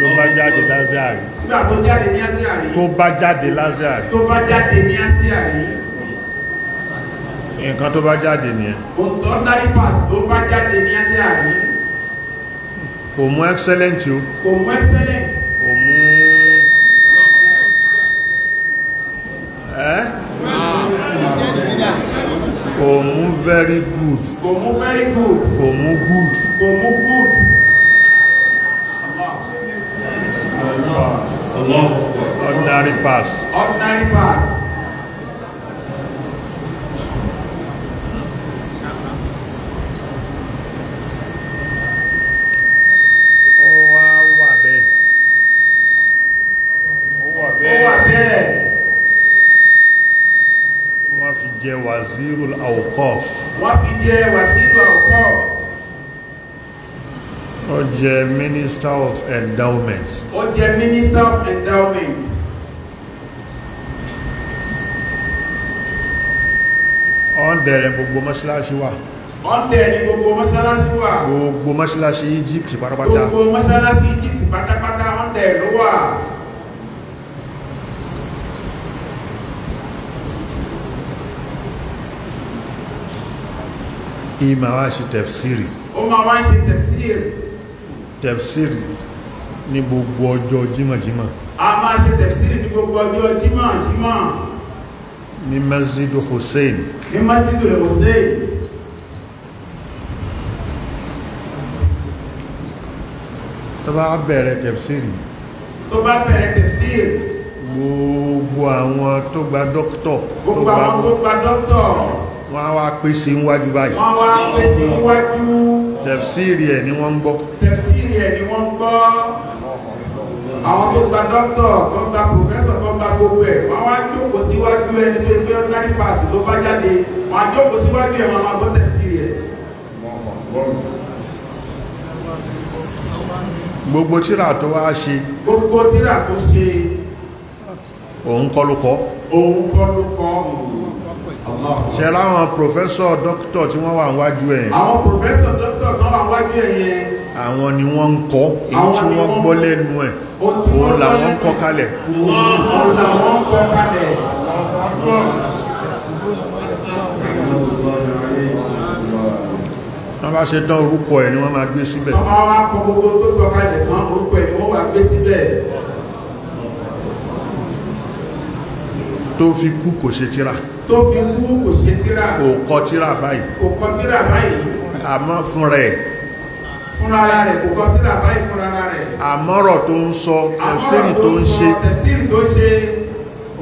ló bá jáde lásìárì nígbà tó jáde ní àsìárì tó bá jáde lásìárì tó bá jáde ní àsìárì nǹkan tó bá jáde nìyẹn ordinary pass tó bá jáde ní àsìárì kò mú excellent o kò mú excellent kò mú ẹ́ eh? kò mú very good kò mú very good kò mú good kò mú good Ordinary pass. Ordinary pass. wọ́n fi jẹ wazirul awqaf. wọ́n fi jẹ wazirul awqaf ó jẹ́ minister of endowment ó jẹ́ minister of endowment ọ̀ndẹ̀ ni gbogbo mọ́ṣáláṣí wà ọ̀ndẹ̀ ni gbogbo mọ́ṣáláṣí wà gbogbo mọ́ṣáláṣí Egypt pátápátá gbogbo mọ́ṣáláṣí Egypt pátápátá ọ̀ndẹ̀ ló wà ìmọ̀ wá ṣe tẹ̀fsírì ó máa wá ṣe tẹ̀síìrì tefsir ní gbogbo ọjọ́ jímọ̀jímọ̀ a máa ṣe tefsir ní gbogbo ọjọ́ jímọ̀jímọ̀ ní masjidu hussein ní masjidu hussein tó bá bẹ̀rẹ̀ tefsir tó bá bẹ̀rẹ̀ tefsir gbogbo àwọn tó gba dókítọ̀ gbogbo àwọn tó gba dókítọ̀ wọ́n á wá pèsè níwájú báyìí wọ́n á wá pèsè níwájú tẹ̀fsíìrì ẹ̀ ni wọ́n ń gbọ́ tẹ̀fsíìrì ẹ̀ ni wọ́n ń gbọ́ àwọn tó gba dókítọ̀ tó gba pòfẹ́sọ̀ tó gba gbogbo ẹ̀ wọ́n wá jókòó síwájú ẹni tó gbé ordinary pass ló bá jáde wọ́n á jókòó síwájú ẹ̀ wọ́n á gbọ́ tẹ̀fsíìrì ẹ̀ gbogbo tíra tó wá ṣe gbogbo tíra tó ṣe òun kọ́ ló kọ́ òun kọ́ ló ṣe láwọn professor doctor tí wọ́n wà wájú ẹ̀ àwọn professor doctor tó wà wájú ẹ̀ yẹn àwọn ni wọ́n ń kọ́ èyí tí wọ́n gbọ́ lẹ́nu ẹ̀ òun làwọn ń kọ́ kalẹ̀ òun làwọn ń kọ́ kalẹ̀ wọ́n bá ṣe tán orúkọ ẹ̀ ni wọ́n máa gbé síbẹ̀. ọmọ wa kọ gbogbo tó sọ kalẹ̀ tán orúkọ ẹ̀ ni wọ́n wà gbé síbẹ̀. tó fi kú kò ṣe tírà tó fi kú kò ṣe tíra kò kọ tíra báyìí kò kọ tíra báyìí àmọ́ fúnra ẹ̀ fúnra rẹ̀ kò kọ tíra báyìí fúnra rẹ̀ àmọ́rọ̀ tó ń sọ tẹ̀sírì tó ń ṣe tẹ̀sírì tó ṣe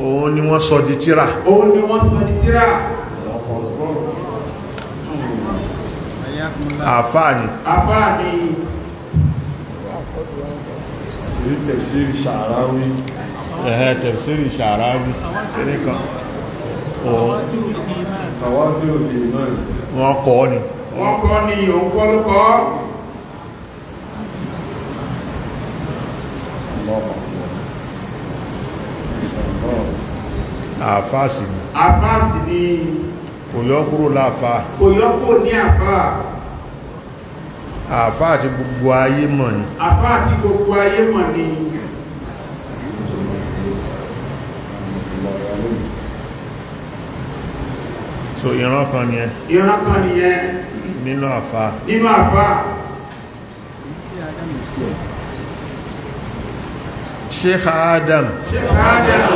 òun ni wọ́n sọ di tíra òun ni wọ́n sọ di tíra àfáàní àfáàní tẹ̀sírì ṣàráwí ẹ̀hẹ́ tẹ̀sírì ṣàráwí ẹ̀ríkan wọ́n kọ́ ni wọ́n kọ́ ni òun kọ́ ló kọ́ àfáàsì ni àfáàsì ni kò yọ kúrò láàfá kò yọ kúrò ní àfá àfá àti gbogbo ayé mọ̀ ni àfá àti gbogbo ayé mọ̀ ni so ìran kan nìyẹn ìran kan nìyẹn nínú àfà nínú àfà sheikh adam sheikh adam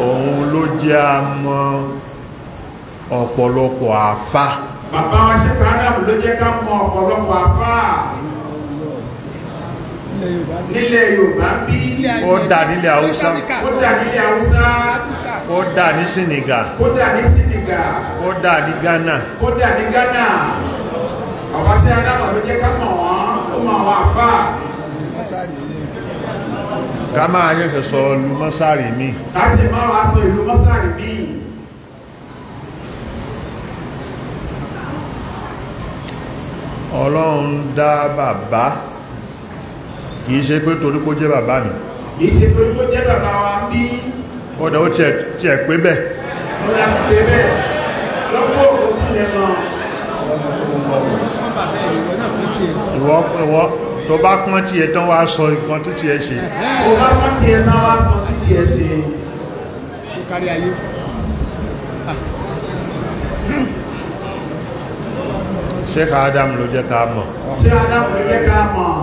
òun ló jẹ́ àmọ́ ọ̀pọ̀lọpọ̀ àfà bàbá wa sheikh adam ló jẹ́ ká mọ̀ ọ̀pọ̀lọpọ̀ àfà nílẹ̀ yorùbá bí ó dà ó dà nílẹ̀ haúsá kódà ní Senegal kódà ní Senegal kódà ní Ghana kódà ní Ghana ọbaṣẹ adámọ ló jẹ ká mọ wọn ó mọ àwọn àfa. ká máa ṣẹ̀ṣẹ̀ sọ ìlú mọ́sárì mi. káfíń máa wá sọ ìlú mọ́sárì mi. ọlọ́run dá bàbá kì í ṣe pé torí kó jẹ́ bàbá mi. kì í ṣe torí kó jẹ́ bàbá wa bí ọ̀dà ó ti ẹ̀ pé bẹ́ẹ̀. ọ̀dà ti pé bẹ́ẹ̀ lọ́pọ̀ òkú yẹn lọ. ìwọ ìwọ tó bá pọ́n tí ẹ tán wá sọ nǹkan tó ti ẹ ṣe. tó bá pọ́n tí ẹ tán wá sọ tó ti ẹ ṣe. ó kárí ayé. Sheikh Adam ló jẹ́ ká mọ̀. Sheikh Adam ló jẹ́ ká mọ̀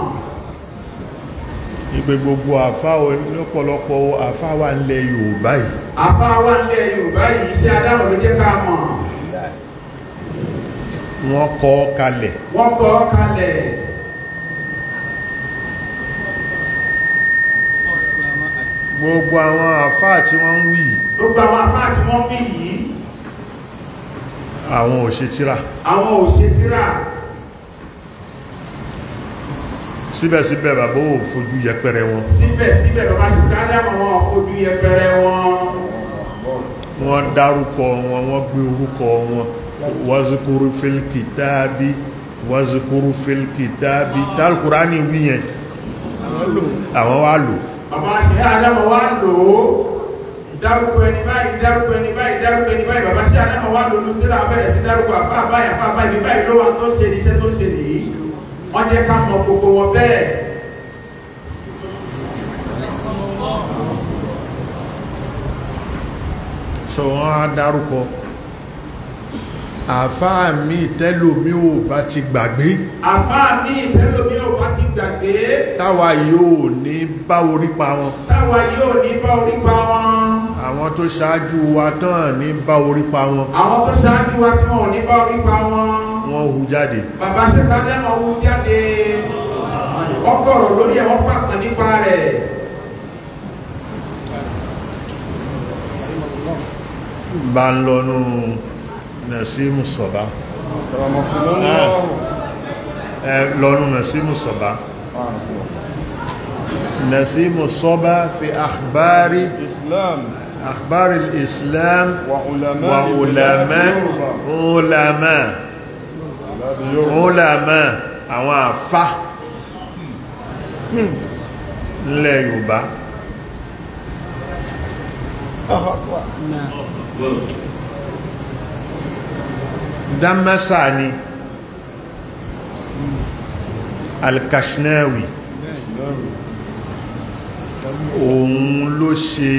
ìpè gbogbo àfá lọ́pọ̀lọpọ̀ àfá wà nílẹ̀ Yorùbá yìí àfá wà nílẹ̀ Yorùbá yìí iṣẹ́ adáwọ̀ ló jẹ́ ká mọ̀ wọ́n kọ́ kalẹ̀ wọ́n kọ́ kalẹ̀ gbogbo àwọn àfá tí wọ́n ń wí gbogbo àwọn àfá tí wọ́n wí yìí àwọn òṣètírà àwọn òṣètírà síbẹ̀síbẹ̀ bàbá ò fojú yẹpẹrẹ wọn. síbẹ̀síbẹ̀ bàbá ṣùgbọ́n àwọn ò fojú yẹpẹrẹ wọn. wọ́n dárúkọ wọn wọ́n gbé orúkọ wọn wazukuru filki taabi wazukuru filki taabi talukurani wiyẹn àwọn wa lò. bàbá ṣe àdámọ̀ wa lò ó dárúkọ ẹni báyìí dárúkọ ẹni báyìí dárúkọ ẹni báyìí bàbá ṣe àdámọ̀ wa lò ó lùsílà bẹ̀rẹ̀ sí dárúkọ àfáà báyìí àfáà báyìí ló wà tó ṣe ní iṣẹ́ tó ṣe wọ́n jẹ́ ká mọ gbogbo wọn bẹ́ẹ̀. sọ wọn á dárúkọ àfáà mi tẹ́lòmí ò bá ti gbàgbé àfáà mi tẹ́lòmí ò bá ti gbàgbé táwa yóò ní bá orí pa wọn táwa yóò ní bá orí pa wọn àwọn tó ṣáájú wa tán ní bá orí pa wọn àwọn tó ṣáájú wa tí wọn ní bá orí pa wọn wọ́n hù jáde bàbá ṣẹta lẹ́mọ̀ hù jáde ọkọ̀rọ̀ lórí ẹ̀ wọ́n pàtàn nípa rẹ̀ bá ń lọ́nu nàṣímù sọ̀bá lọ́nu nàṣímù sọ̀bá nàṣímù sọ̀bá fi àkbárí islam أخبار الإسلام وعلماء, وعلماء, وعلماء, ulama àwọn àfá hmm. nílẹ̀ Yorùbá dámásà ni alkashnawi òun ló ṣe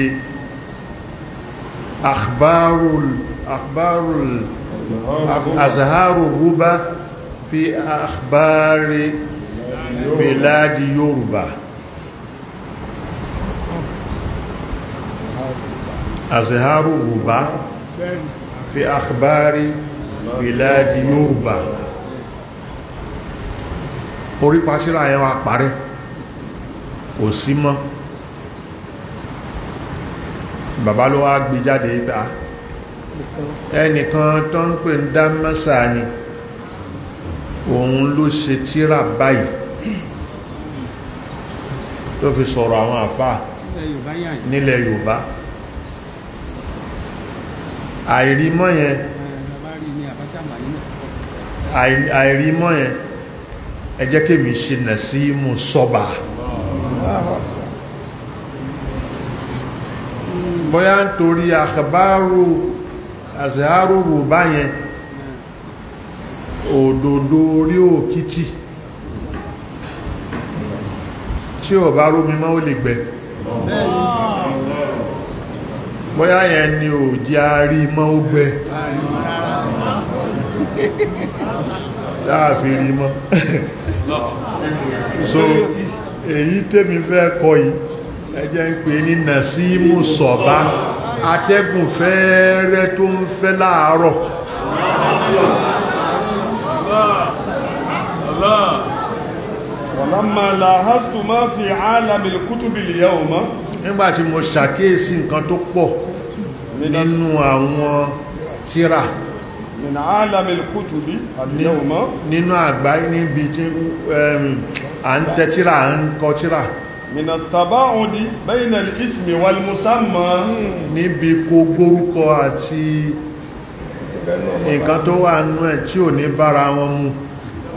akhbarul akhbarul àzàhárò rúbá fi àkbárí bèládi yorùbá àzàhárò rúbá fi àkbárí bèládi yorùbá orí pàṣírà yẹn wà parẹ́ kò sí mọ́ bàbá ló wá gbé ẹnìkan tó ń pè ń dá mẹ́sà ni òun ló ṣe tíra báyìí tó fi sọ̀rọ̀ àwọn àfáà nílẹ̀ Yorùbá àìrímọ́ yẹn àìrímọ́ yẹn ẹ jẹ́ kí mi ṣe nà sí mú sọ́bà bóyá ń torí àkàbárò àzẹ̀háròrò báyẹn òdòdó orí òkìtì tí ò bá rómi mọ́ ó lè gbẹ bóyá yẹn ni ò jẹ́ arí mọ́ ó gbẹ láàfin rí mọ́ so èyí tèmi fẹ́ kọ yìí ẹ jẹ́ ń pè ní nàsímù sọ̀bá. So, atẹ́gùn fẹ́ẹ́rẹ́ tó ń fẹ́ láàárọ̀ ọ̀lámà làhásù máa fi áàlàmìlì kútùbìlì yẹ ọmọ nígbàtí mo ṣàkíyèsí nǹkan tó pọ̀ nínú àwọn tíra nínú áàlàmìlì kútùbì àbíyẹ ọmọ nínú àgbáyé níbi tí à ń tẹ tíra à ń kọ tíra mina tabaudi bayna al-ismi wal-musamma níbi kò gbórúkọ àti nǹkan tó wà nú ẹ̀ tí ò ní bára wọn mu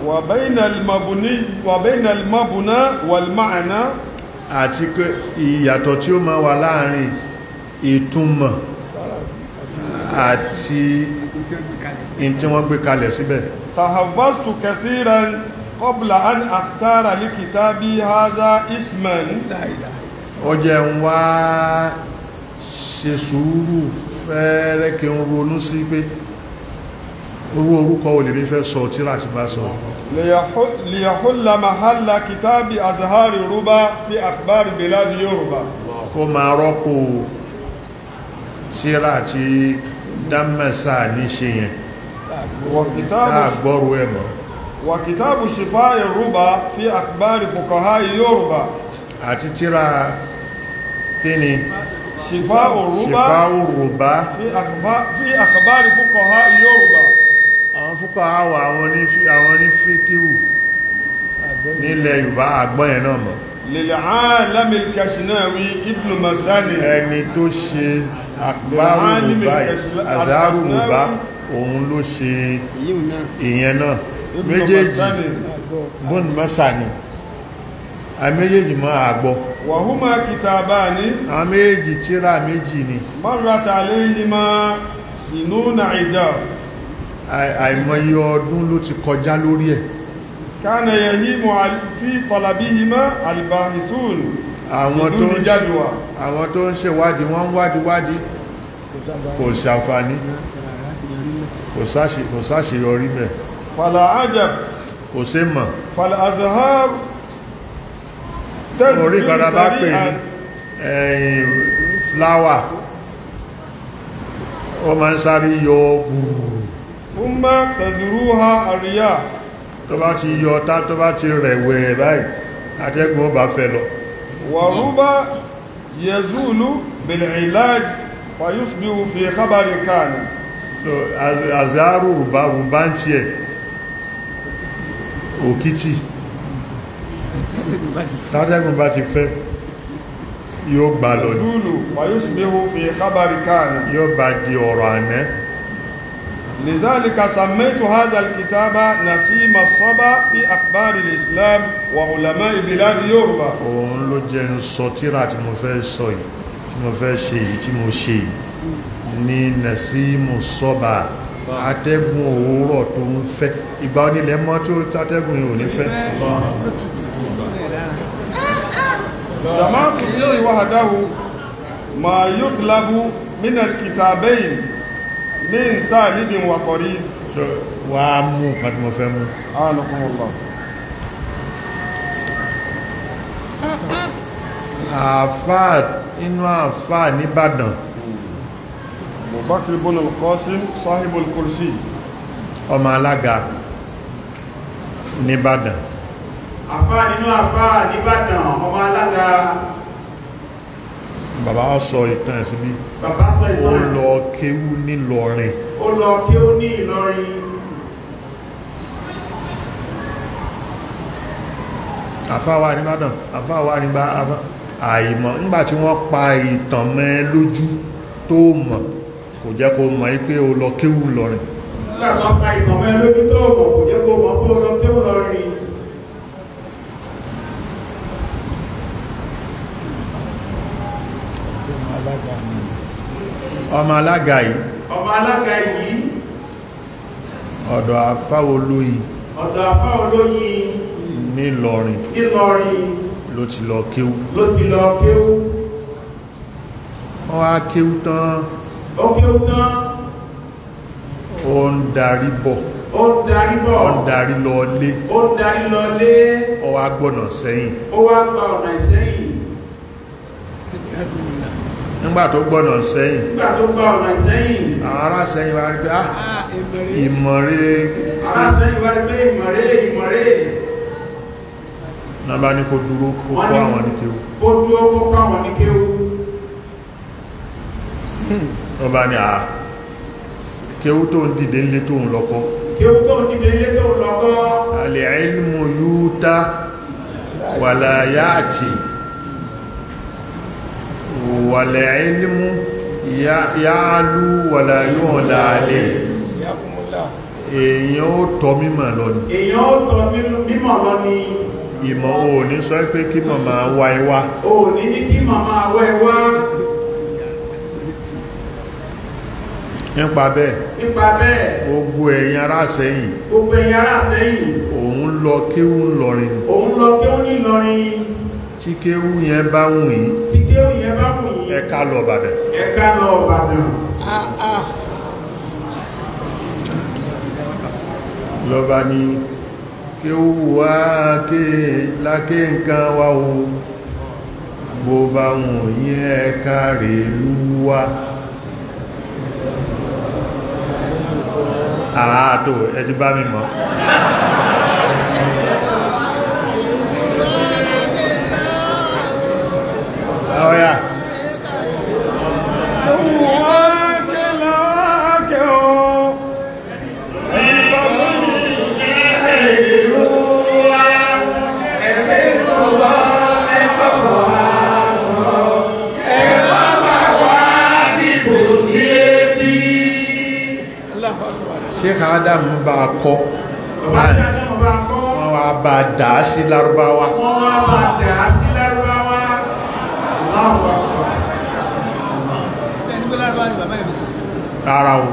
wa bayna al-mabni wa bayna al-mabna wal-ma'na àti pé ìyàtọ̀ tí ó máa wà láàrin ìtumọ̀ àti in wọ́n gbé kalẹ̀ síbẹ̀. tahavvastu kathiran kọ́bùlà an àkítàrà líkìtà bí haza isman ọjẹ́ ń wá ṣe sùúrù fẹ́ẹ́rẹ́ kí n ronú sí pé owó orúkọ olè ní fẹ́ sọ tí láti bá sọ lèyàhúlà mahalla kìtàbí azahari rúbá fi àkbárí bèládi yorùbá kó máa rọ́pò síra àti dámẹ́sà ní ṣe yẹn láàgbọ́rù ẹ̀mọ̀ wa kitabu shifa'i ruba fi akbari fuqahai yoruba àti tírà kíni shifa'i ruba shifa'i ruba fi akbari fuqahai yoruba àwọn fuqaha wa àwọn ní fíkíwù nílẹ̀ yorùbá àgbọ́yẹ̀ náà mọ̀ lèlè alami kashinawi ibn masani ẹni tó ṣe akbaru ruba azaru ruba òun ló ṣe ìyẹn náà méjèèjì bọ́ọ̀nù mọ́sà ni a méjèèjì mọ́ àgbọ́ wàhúmá kìtàbà ní a méjèèjì tíra méjì ni mọ́rùrátà aléyìí ma sínú nàìjà àìmọye ọdún ló ti kọjá lórí ẹ̀ kánà yẹ̀yí mọ̀ fi tọ̀làbí ìmá albahithun àwọn tó ń ṣe wádìí wọ́n wádìí wádìí kò sàfàní kò sáṣeyọrí mẹ́ falajab kò sí mọ̀ falazahar tẹ́sí orí kan bá pè ní flower ó máa ń sáré yọ gbùrù fún mọ́ tẹ̀sìrú ha àríyá tó bá ti yọ ọ̀tá tó bá ti rẹ̀wẹ̀ báyìí atẹ́gùn ó bá fẹ́ lọ wàrúbá yẹzúlú bìlìláàjì fayúsbíwú fi kábàrí káàní so azaru rùbá rùbá ń tiẹ̀ òkìtì tátẹ́gùn bá ti fẹ́ yóò gbà lọ yóò bá di ọ̀rọ̀ àná لذلك سميت هذا الكتاب نسيم الصبا في أخبار الإسلام وعلماء بلاد Yorùbá òun ló jẹ́ n sọ tírà tí mo fẹ́ sọ yìí tí mo fẹ́ ṣe yìí tí mo ṣe yìí ní نسيم الصبا atẹ́gùn òwúrọ̀ tó ń fẹ́ ìgbà onílẹ̀ mọ́ tí ó tátẹ́gùn yìí ò ní fẹ́ jama ilé ìwà àdáwò ma yóò tilabu nínú kìtàbẹ́yìn ní ìta ìlídìn wà kọ̀rí wà á mú pàtí mo fẹ́ mú àfáà inú àfáà nìbàdàn Bakr ibn al-Qasim sahibul kursi ọmọ alága nìbàdàn àfá nínú àfá nìbàdàn ọmọ alága bàbá sọ ìtàn ẹ̀sìn bí bàbá sọ ìtàn ó lọ kéwú ní Ìlọrin ó lọ kéwú ní Ìlọrin àfá wà nìbàdàn àfá wà nìbà àìmọ̀ nígbàtí wọ́n pa ìtàn mẹ́ lójú tó mọ̀ kò jẹ́ kó mọ̀ yí pé o lọ kéwù lọ́rin. nígbà tó pa ìmọ̀mọ́ ẹ lójú tó mọ̀ kò jẹ́ kó mọ̀ pé o lọ kéwù lọ́rin. ọmọ alága yìí ọmọ alága yìí ọ̀dọ̀ àfáwolóyìn ọ̀dọ̀ àfáwolóyìn nílọrin nílọrin ló ti lọ kéwú ló ti lọ kéwú wọ́n á kéwú tán ó kéwú tán ó ń darí bọ̀ ó ń darí bọ̀ ó ń darí lọ lé ó ń darí lọ lé ó wá gbọ́nà sẹ́yìn ó wá gba ọ̀nà sẹ́yìn nígbà tó gbọ́nà sẹ́yìn nígbà tó gba ọ̀nà sẹ́yìn àwọn ará sẹ́yìn wá rí pé ah, ah ìmọ̀rẹ́ ará sẹ́yìn wá rí pé ìmọ̀rẹ́ ìmọ̀rẹ́ náà bá ní kó dúró kó kọ́ àwọn ní kéwú kó dúró kó àwọn ní kéwú hmm wọ́n bá ní àà kéwú tó ń dìde ń lé tó ń lọ́kọ́ kéwú tó ń dìde ń lé tó ń lọ́kọ́ alẹ́ ilmu yúta wàláyàtì wàlẹ̀ ilmu yáàlú wàláyọ̀ọ̀lá alẹ́ èèyàn ó tọ́ mímọ̀ èèyàn ó tọ́ mímọ̀ lọ́nà ìmọ̀ òní sọ pé kí mọ̀ máa wá ẹwà nípa bẹ́ẹ̀ nípa bẹ́ẹ̀ gbogbo ẹ̀yin ará sẹ́yìn gbogbo ẹ̀yin ará sẹ́yìn òun lọ kéwú lọrin òun lọ kéwú ní lọrin tí kéwú yẹn bá wù yín tí kéwú yẹn bá wù yín ẹ ká lọ Ìbàdàn ah, ah. lọ́ba ni kéwú wá ké láké nǹkan wá o bó bá wù yín ẹ ká rèé àátò ẹ ti bá mi mọ́ ọ̀yà wọ́n Sheikh Adam bá kọ́ wọ́n wá bá dà á sí lárúbáwá wọ́n wá bá dà á sí lárúbáwá rárá o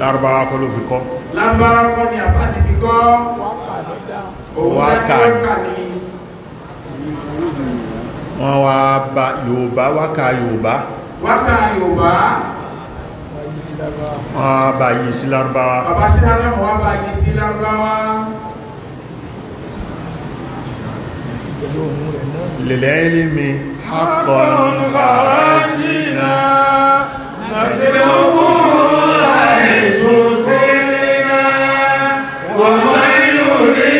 lárúbáwá kọ́ ló fi kọ́ lárúbáwá kọ́ ni àbá ti fi kọ́ wákà ní wọ́n wá bá Yorùbá wákà Yorùbá wákà Wa bá yí sí lárúbáwá bàbá sílárúbá wọ́n bá yí sí lárúbáwá lèlẹ́ ilé mi hakọ̀ọ̀n bàbá jìnà láti lówó àìsùn sílẹ̀ wọ́n máa yóò rí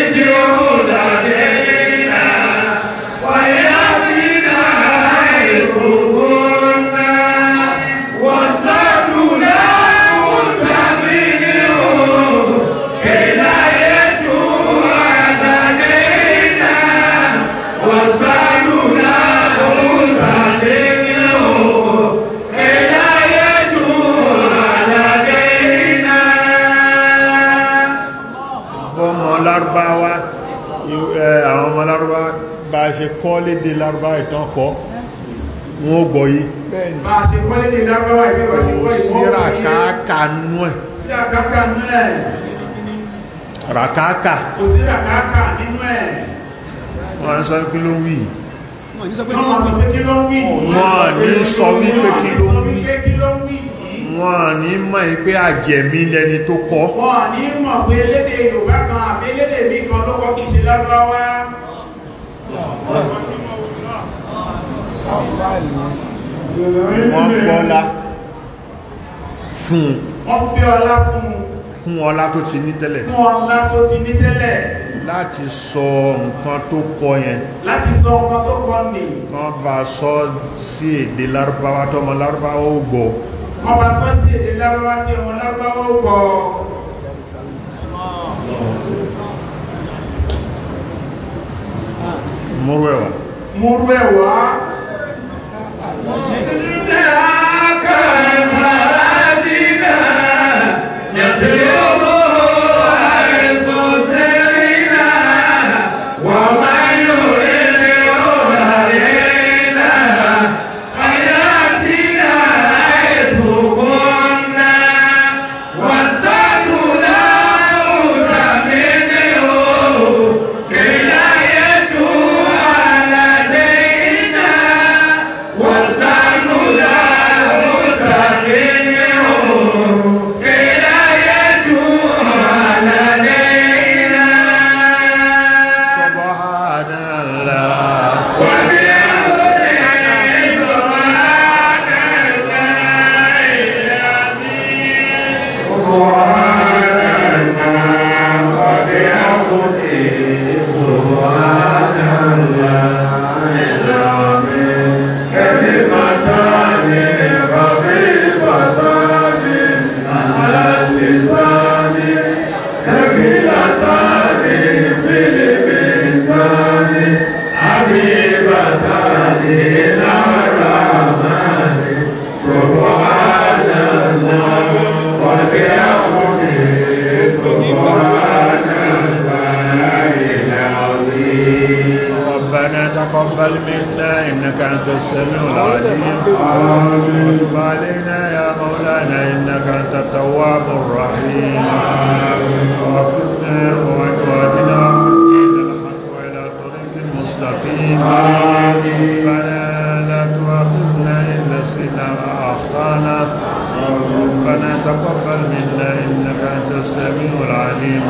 ṣe kọ́ lédè lárúbáwá ìtàn kọ́ wọn ó gbọ́ yìí bá ṣe kọ́ lédè lárúbáwá ìtàn kọ́ síra káàkà nú ẹ̀ ràkàkà kò sí ràkàkà nínú ẹ̀ wọ́n ń sọ pé kí ló wí wọ́n ní ní sọ wípé kí ló wí wọ́n ní mọ̀ pé àjẹ̀mí lẹni tó kọ́ wọ́n ní mọ̀ pé lédè Yorùbá kan àbí lédè mi kan ló kọ́ kì í ṣe lárúbáwá àǹfààní wọ́n pọ́lá fún wọ́n pé ọlá fún fún ọlá tó ti ní tẹ́lẹ̀ fún ọlá tó ti ní tẹ́lẹ̀ láti sọ nǹkan tó kọ yẹn láti sọ nǹkan tó kọ ní wọ́n bá sọ sí èdè lárúbáwá tọmọ lárúbáwá ó gbọ́ wọ́n bá sọ sí Murwewa. Murwewa. السميع العليم وتب علينا يا مولانا إنك أنت التواب الرحيم وأفقنا وأجوادنا وأفقنا الحق وإلى طريق مستقيم ربنا لا تؤاخذنا إن نسينا اخطانا ربنا تقبل منا إنك أنت السميع العليم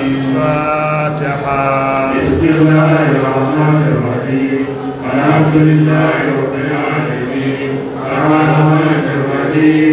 الفاتحة بسم الله الرحمن الرحيم الحمد لله رب العالمين الرحمن الرحيم